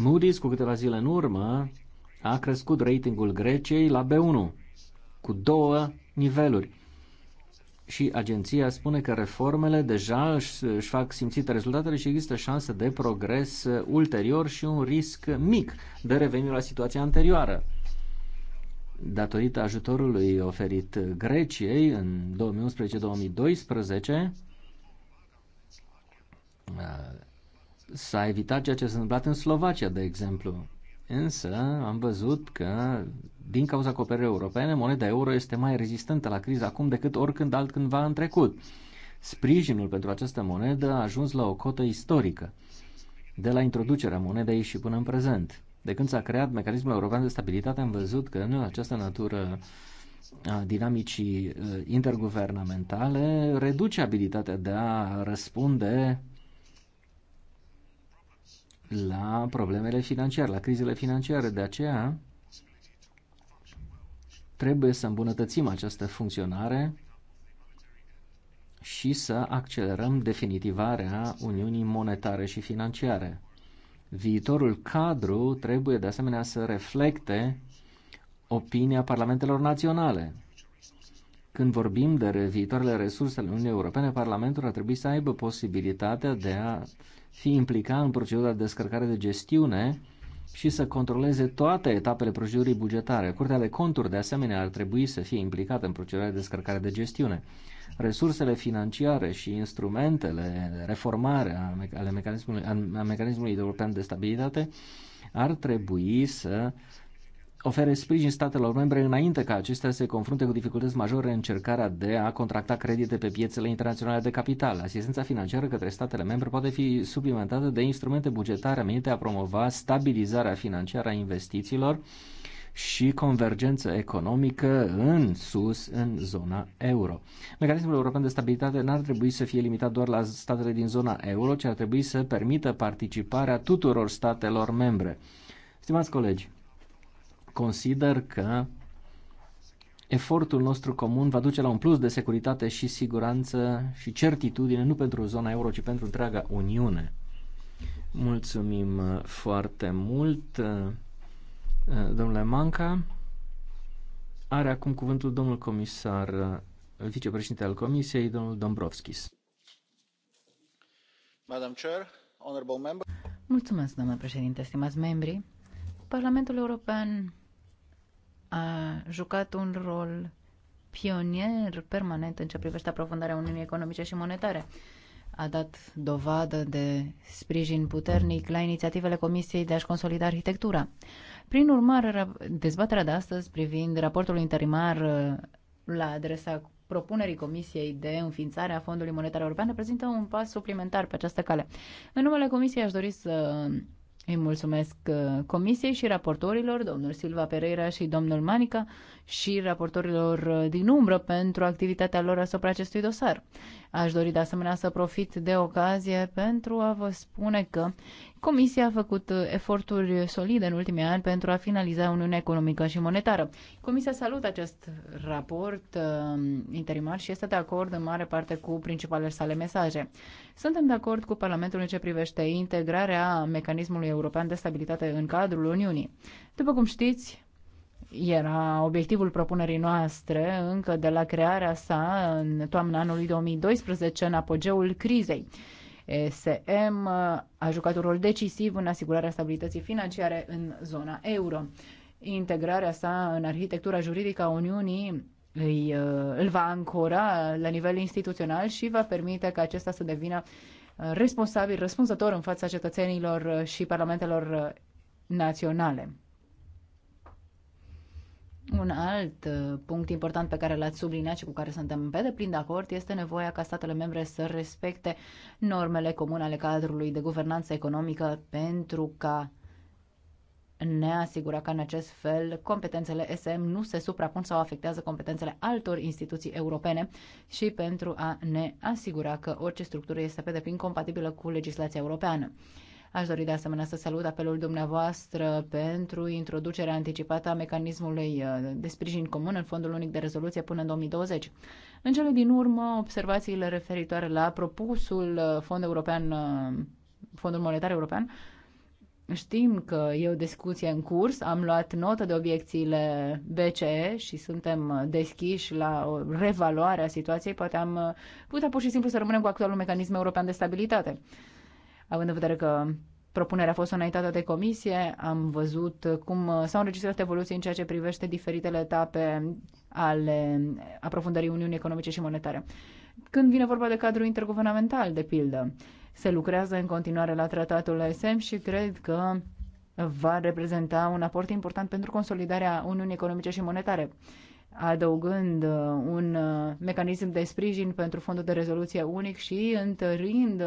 Moody's, cu câteva zile în urmă, a crescut ratingul Greciei la B1, cu două niveluri. Și agenția spune că reformele deja își, își fac simțite rezultatele și există șanse de progres ulterior și un risc mic de revenire la situația anterioară. Datorită ajutorului oferit Greciei în 2011-2012, s-a evitat ceea ce s-a întâmplat în Slovacia, de exemplu. Însă am văzut că, din cauza cooperării europene, moneda euro este mai rezistentă la criză acum decât oricând altcândva în trecut. Sprijinul pentru această monedă a ajuns la o cotă istorică, de la introducerea monedei și până în prezent. De când s-a creat mecanismul european de stabilitate, am văzut că în această natură a dinamicii uh, interguvernamentale reduce abilitatea de a răspunde la problemele financiare, la crizele financiare. De aceea trebuie să îmbunătățim această funcționare și să accelerăm definitivarea Uniunii Monetare și Financiare. Viitorul cadru trebuie de asemenea să reflecte opinia parlamentelor naționale. Când vorbim de viitoarele resurse ale Uniunii Europene, Parlamentul ar trebui să aibă posibilitatea de a fi implicat în procedura de descărcare de gestiune și să controleze toate etapele procedurii bugetare. Curtea de conturi, de asemenea, ar trebui să fie implicată în procedura de descărcare de gestiune resursele financiare și instrumentele de reformare ale mecanismului, a mecanismului european de stabilitate ar trebui să ofere sprijin statelor membre înainte ca acestea se confrunte cu dificultăți majore în încercarea de a contracta credite pe piețele internaționale de capital. Asistența financiară către statele membre poate fi suplimentată de instrumente bugetare menite a promova stabilizarea financiară a investițiilor și convergență economică în sus, în zona euro. Mecanismul european de stabilitate n-ar trebui să fie limitat doar la statele din zona euro, ci ar trebui să permită participarea tuturor statelor membre. Stimați colegi, consider că efortul nostru comun va duce la un plus de securitate și siguranță și certitudine, nu pentru zona euro, ci pentru întreaga Uniune. Mulțumim foarte mult. Eh, domnule Manca, are acum cuvântul domnul comisar, eh, vicepreședinte al Comisiei, domnul Dombrovskis. Madam Chair, honorable member. Mulțumesc, domnule președinte, stimați membri. Parlamentul European a jucat un rol pionier permanent în ce privește aprofundarea Uniunii Economice și Monetare. A dat dovadă de sprijin puternic la inițiativele Comisiei de a-și consolida arhitectura. Prin urmare, dezbaterea de astăzi privind raportul interimar uh, la adresa propunerii Comisiei de înființare a Fondului Monetar European reprezintă un pas suplimentar pe această cale. În numele Comisiei aș dori să uh, îi mulțumesc uh, Comisiei și raportorilor, domnul Silva Pereira și domnul Manica, și raportorilor din umbră pentru activitatea lor asupra acestui dosar. Aș dori de asemenea să profit de ocazie pentru a vă spune că Comisia a făcut uh, eforturi solide în ultimii ani pentru a finaliza Uniunea Economică și Monetară. Comisia salută acest raport uh, interimar și este de acord în mare parte cu principalele sale mesaje. Suntem de acord cu Parlamentul în ce privește integrarea mecanismului european de stabilitate în cadrul Uniunii. După cum știți, era obiectivul propunerii noastre încă de la crearea sa în toamna anului 2012, în apogeul crizei. ESM a jucat un rol decisiv în asigurarea stabilității financiare în zona euro. Integrarea sa în arhitectura juridică a Uniunii îi, uh, îl va ancora la nivel instituțional și va permite ca acesta să devină uh, responsabil, răspunzător în fața cetățenilor și parlamentelor uh, naționale. Un alt uh, punct important pe care l-ați subliniat și cu care suntem pe deplin de acord este nevoia ca statele membre să respecte normele comune ale cadrului de guvernanță economică pentru ca ne asigura că în acest fel competențele SM nu se suprapun sau afectează competențele altor instituții europene și pentru a ne asigura că orice structură este pe deplin compatibilă cu legislația europeană. Aș dori de asemenea să salut apelul dumneavoastră pentru introducerea anticipată a mecanismului uh, de sprijin comun în Fondul Unic de Rezoluție până în 2020. În cele din urmă, observațiile referitoare la propusul uh, Fond European, uh, Fondul Monetar European, Știm că e o discuție în curs, am luat notă de obiecțiile BCE și suntem deschiși la o revaloare a situației, poate am putea pur și simplu să rămânem cu actualul mecanism european de stabilitate având în vedere că propunerea a fost înaintată de comisie, am văzut cum uh, s-au înregistrat evoluții în ceea ce privește diferitele etape ale aprofundării Uniunii Economice și Monetare. Când vine vorba de cadrul interguvernamental, de pildă, se lucrează în continuare la tratatul SM și cred că va reprezenta un aport important pentru consolidarea Uniunii Economice și Monetare, adăugând uh, un uh, mecanism de sprijin pentru fondul de rezoluție unic și întărind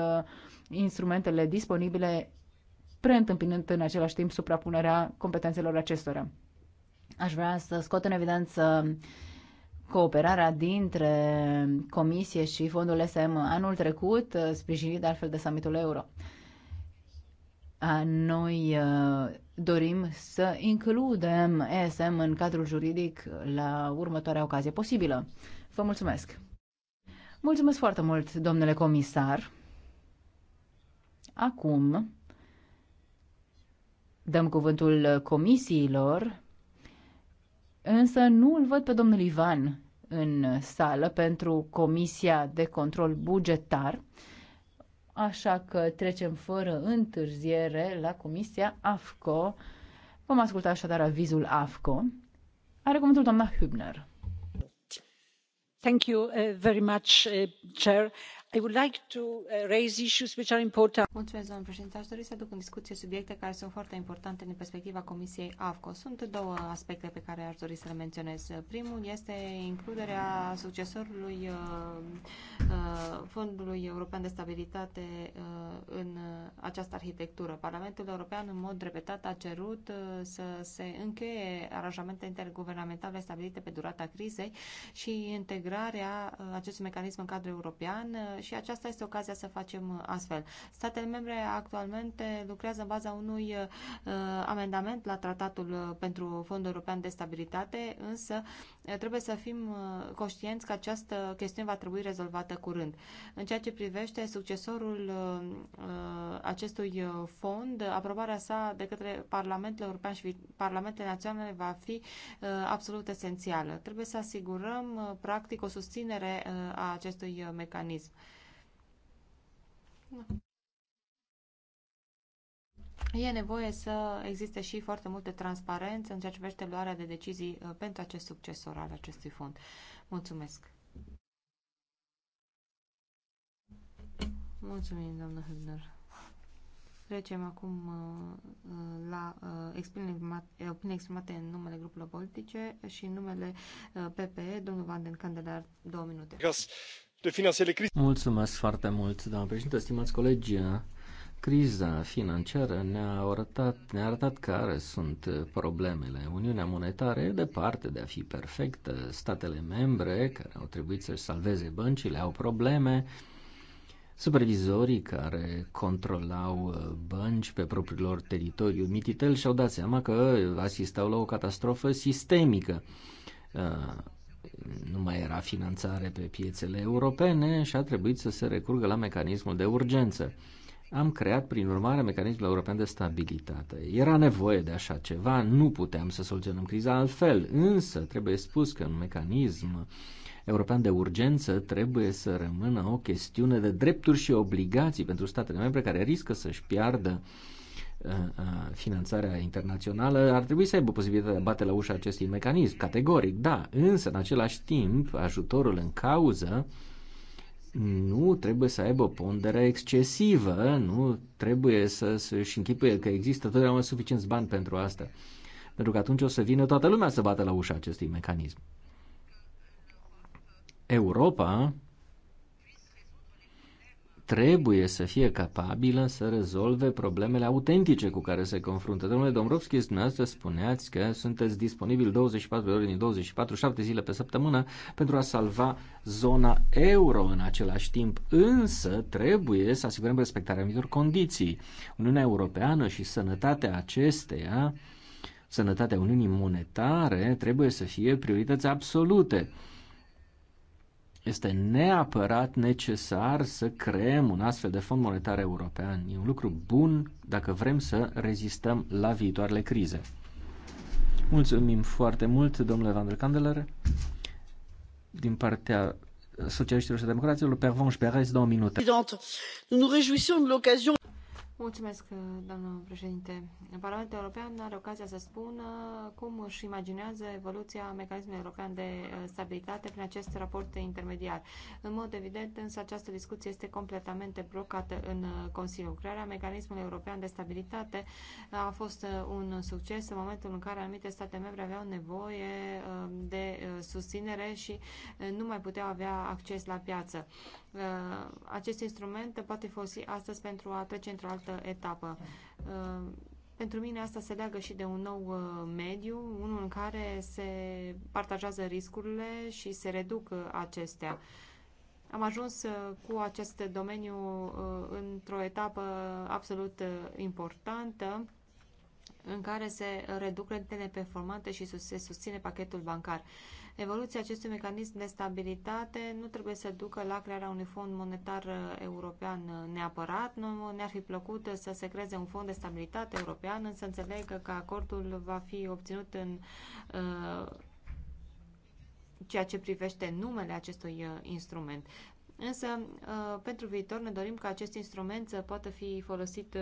instrumentele disponibile, preîntâmpinând în același timp suprapunerea competențelor acestora. Aș vrea să scot în evidență cooperarea dintre Comisie și Fondul SM anul trecut, sprijinit de altfel de summitul euro. Noi dorim să includem ESM în cadrul juridic la următoarea ocazie posibilă. Vă mulțumesc! Mulțumesc foarte mult, domnule comisar! Acum dăm cuvântul comisiilor, însă nu îl văd pe domnul Ivan în sală pentru Comisia de Control Bugetar, așa că trecem fără întârziere la Comisia AFCO. Vom asculta așadar avizul AFCO. Are cuvântul doamna Hübner. Thank you uh, very much, uh, Chair doamnă președintă aș dori să aduc în discuție subiecte care sunt foarte importante din perspectiva Comisiei AFCO. Sunt două aspecte pe care aș dori să le menționez. Primul este includerea succesorului uh, uh, Fondului European de Stabilitate uh, în această arhitectură. Parlamentul European, în mod repetat, a cerut să se încheie aranjamente interguvernamentale stabilite pe durata crizei și integrarea acestui mecanism în cadrul european și aceasta este ocazia să facem uh, astfel. Statele membre actualmente lucrează în baza unui uh, amendament la tratatul uh, pentru Fondul European de Stabilitate, însă trebuie să fim uh, conștienți că această chestiune va trebui rezolvată curând. În ceea ce privește succesorul uh, uh, acestui fond, aprobarea sa de către Parlamentul European și Parlamentele Naționale va fi absolut esențială. Trebuie să asigurăm, practic, o susținere a acestui mecanism. E nevoie să existe și foarte multă transparență în ceea ce privește luarea de decizii uh, pentru acest succesor al acestui fond. Mulțumesc! Mulțumim, doamnă Hübner. Trecem acum uh, uh, la opinii exprimate în numele grupurilor politice și în numele PPE, domnul Van den Candelar, două minute. Mulțumesc foarte mult, doamnă președinte, stimați colegi. Criza financiară ne-a arătat, ne-a arătat care sunt problemele. Uniunea monetară e departe de a fi perfectă. Statele membre care au trebuit să-și salveze băncile au probleme. Supervizorii care controlau uh, bănci pe propriul lor teritoriu mititel și-au dat seama că asistau la o catastrofă sistemică uh, nu mai era finanțare pe piețele europene și a trebuit să se recurgă la mecanismul de urgență. Am creat, prin urmare, mecanismul european de stabilitate. Era nevoie de așa ceva, nu puteam să soluționăm criza altfel, însă trebuie spus că un mecanism european de urgență trebuie să rămână o chestiune de drepturi și obligații pentru statele membre care riscă să-și piardă uh, uh, finanțarea internațională ar trebui să aibă posibilitatea de a bate la ușa acestui mecanism, categoric, da, însă în același timp ajutorul în cauză nu trebuie să aibă pondere excesivă, nu trebuie să își închipuie că există totdeauna suficienți bani pentru asta. Pentru că atunci o să vină toată lumea să bată la ușa acestui mecanism. Europa trebuie să fie capabilă să rezolve problemele autentice cu care se confruntă. Domnule Domrovski, dumneavoastră spuneați că sunteți disponibil 24 de ore din 24, 7 zile pe săptămână pentru a salva zona euro în același timp, însă trebuie să asigurăm respectarea anumitor condiții. Uniunea Europeană și sănătatea acesteia, sănătatea Uniunii Monetare, trebuie să fie priorități absolute este neapărat necesar să creăm un astfel de fond monetar european. E un lucru bun dacă vrem să rezistăm la viitoarele crize. Mulțumim foarte mult, domnule Van der Kandeler. Din partea socialiștilor și democraților, Pervenche Perez, două minute. Nous nous réjouissons de l'occasion Mulțumesc, uh, doamnă președinte. Parlamentul European are ocazia să spună cum își imaginează evoluția mecanismului european de uh, stabilitate prin acest raport intermediar. În mod evident, însă, această discuție este completamente blocată în uh, Consiliu. Crearea mecanismului european de stabilitate a fost un succes în momentul în care anumite state membre aveau nevoie de susținere și nu mai puteau avea acces la piață. Uh, acest instrument poate folosi astăzi pentru a trece într-o altă etapă. Uh, pentru mine asta se leagă și de un nou uh, mediu, unul în care se partajează riscurile și se reduc acestea. Am ajuns cu acest domeniu într-o etapă absolut importantă în care se reduc rentele performante și se susține pachetul bancar. Evoluția acestui mecanism de stabilitate nu trebuie să ducă la crearea unui fond monetar uh, european uh, neapărat. Nu ne-ar fi plăcut uh, să se creeze un fond de stabilitate european, însă înțeleg că acordul va fi obținut în ceea ce privește numele acestui instrument. Însă, pentru viitor ne dorim ca acest instrument să poată fi folosit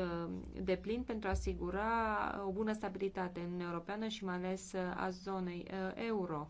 de plin pentru a asigura o bună stabilitate în Europeană și mai ales a zonei euro.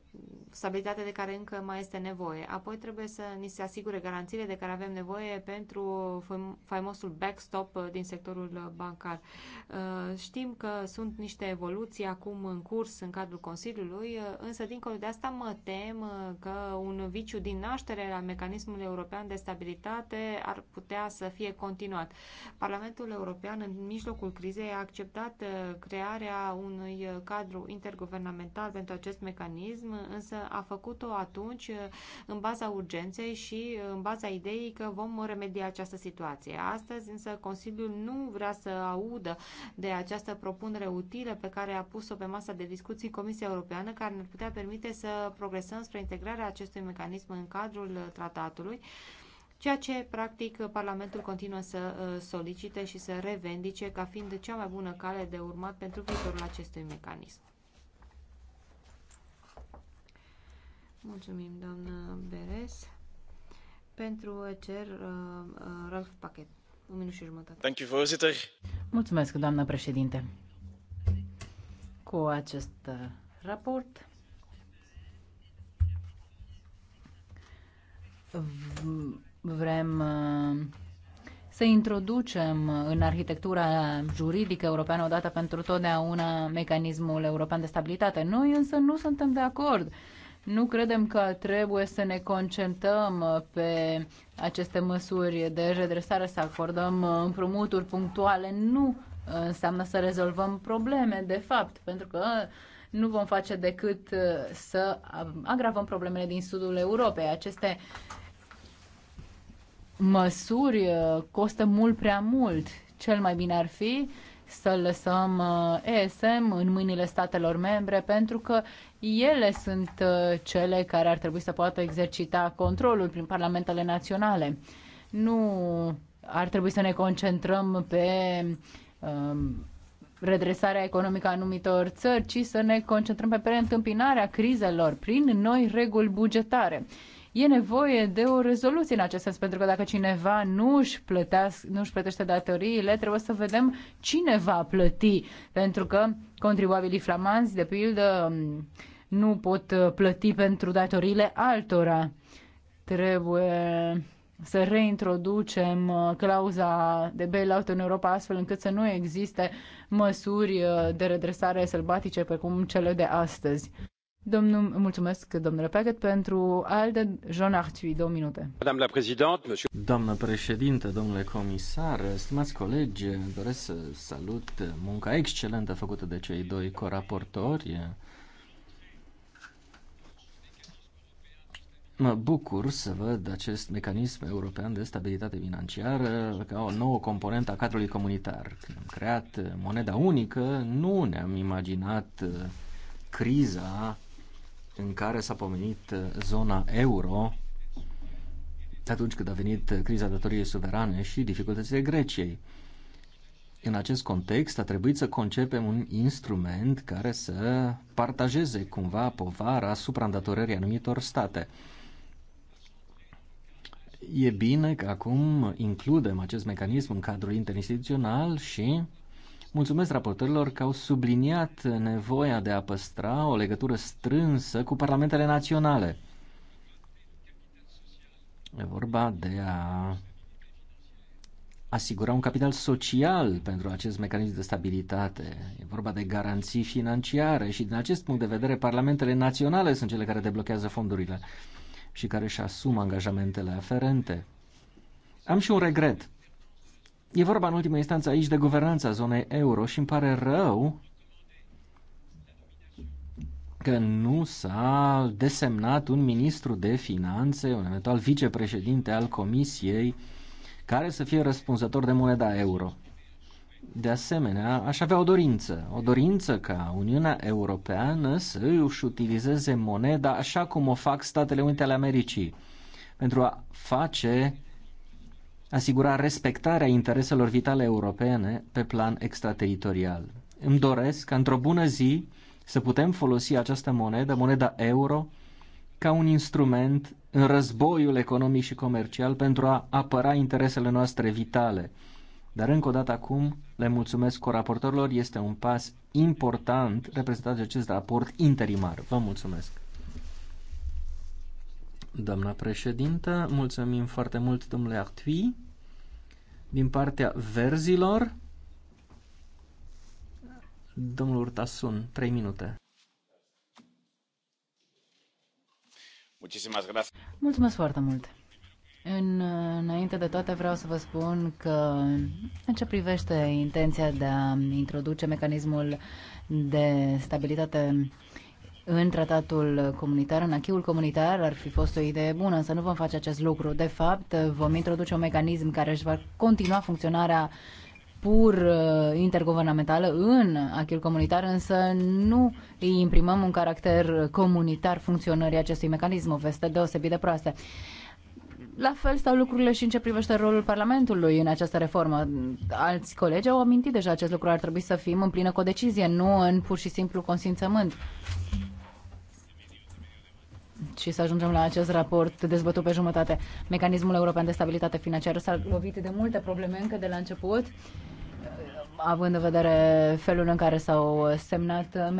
stabilitate de care încă mai este nevoie. Apoi trebuie să ni se asigure garanțiile de care avem nevoie pentru faimosul backstop uh, din sectorul uh, bancar. Uh, știm că sunt niște evoluții acum în curs în cadrul Consiliului, însă dincolo de asta mă tem că un viciu din naștere al mecanismului european de stabilitate ar putea să fie continuat. Parlamentul European în mijlocul crizei a acceptat crearea unui cadru interguvernamental pentru acest mecanism însă a făcut-o atunci uh, în baza urgenței și uh, în baza ideii că vom remedia această situație. Astăzi însă Consiliul nu vrea să audă de această propunere utilă pe care a pus-o pe masa de discuții Comisia Europeană, care ne putea permite să progresăm spre integrarea acestui mecanism în cadrul uh, tratatului ceea ce, practic, Parlamentul continuă să solicite și să revendice ca fiind cea mai bună cale de urmat pentru viitorul acestui mecanism. Mulțumim, doamnă Beres. Pentru cer, uh, uh, Ralf Pachet. Un minut și jumătate. Thank you, voorzitter. Mulțumesc, doamnă președinte. Cu acest uh, raport vrem să introducem în arhitectura juridică europeană odată pentru totdeauna mecanismul european de stabilitate. Noi însă nu suntem de acord nu credem că trebuie să ne concentrăm uh, pe aceste măsuri de redresare, să acordăm uh, împrumuturi punctuale. Nu uh, înseamnă să rezolvăm probleme, de fapt, pentru că nu vom face decât să agravăm problemele din sudul Europei. Aceste măsuri costă mult prea mult. Cel mai bine ar fi să lăsăm uh, ESM în mâinile statelor membre, pentru că ele sunt uh, cele care ar trebui să poată exercita controlul prin parlamentele naționale. Nu ar trebui să ne concentrăm pe um, redresarea economică a anumitor țări, ci să ne concentrăm pe preîntâmpinarea crizelor prin noi reguli bugetare. E nevoie de o rezoluție în acest sens, pentru că dacă cineva nu își, plătească, nu își plătește datoriile, trebuie să vedem cine va plăti, pentru că contribuabilii flamanzi, de pildă, nu pot uh, plăti pentru datoriile altora. Trebuie să reintroducem uh, clauza de bailout în Europa astfel încât să nu existe măsuri uh, de redresare sălbatice precum cele de astăzi. Domnul, mulțumesc, domnule Packet, pentru ALDE, Jean Artui, două minute. Doamna președinte, monsieur... președinte, domnule comisar, stimați colegi, doresc să salut munca excelentă făcută de cei doi coraportori. Mă bucur să văd acest mecanism european de stabilitate financiară ca o nouă componentă a cadrului comunitar. Când am creat moneda unică, nu ne-am imaginat criza în care s-a pomenit uh, zona euro atunci când a venit uh, criza datoriei suverane și dificultățile Greciei. În acest context a trebuit să concepem un instrument care să partajeze cumva povara asupra îndatorării anumitor state. E bine că acum includem acest mecanism în cadrul interinstituțional și Mulțumesc raportărilor că au subliniat nevoia de a păstra o legătură strânsă cu parlamentele naționale. E vorba de a asigura un capital social pentru acest mecanism de stabilitate. E vorba de garanții financiare și din acest punct de vedere parlamentele naționale sunt cele care deblochează fondurile și care își asumă angajamentele aferente. Am și un regret. E vorba în ultima instanță aici de guvernanța zonei euro și îmi pare rău că nu s-a desemnat un ministru de finanțe, un eventual vicepreședinte al comisiei, care să fie răspunzător de moneda euro. De asemenea, aș avea o dorință, o dorință ca Uniunea Europeană să își utilizeze moneda așa cum o fac Statele Unite ale Americii, pentru a face asigura respectarea intereselor vitale europene pe plan extrateritorial. Îmi doresc ca într-o bună zi să putem folosi această monedă, moneda euro, ca un instrument în războiul economic și comercial pentru a apăra interesele noastre vitale. Dar încă o dată acum le mulțumesc coraportorilor, este un pas important reprezentat de acest raport interimar. Vă mulțumesc! Doamna președintă, mulțumim foarte mult, domnule Artui. Din partea verzilor, domnul Urtasun, trei minute. Mulțumesc foarte mult. În, înainte de toate vreau să vă spun că în ce privește intenția de a introduce mecanismul de stabilitate în tratatul comunitar, în achiul comunitar, ar fi fost o idee bună, însă nu vom face acest lucru. De fapt, vom introduce un mecanism care își va continua funcționarea pur uh, interguvernamentală în achiul comunitar, însă nu îi imprimăm un caracter comunitar funcționării acestui mecanism, o veste deosebit de proastă. La fel stau lucrurile și în ce privește rolul Parlamentului în această reformă. Alți colegi au amintit deja acest lucru, ar trebui să fim în plină codecizie, nu în pur și simplu consimțământ și să ajungem la acest raport dezbătut pe jumătate. Mecanismul European de Stabilitate Financiară s-a lovit de multe probleme încă de la început, având în vedere felul în care s-au semnat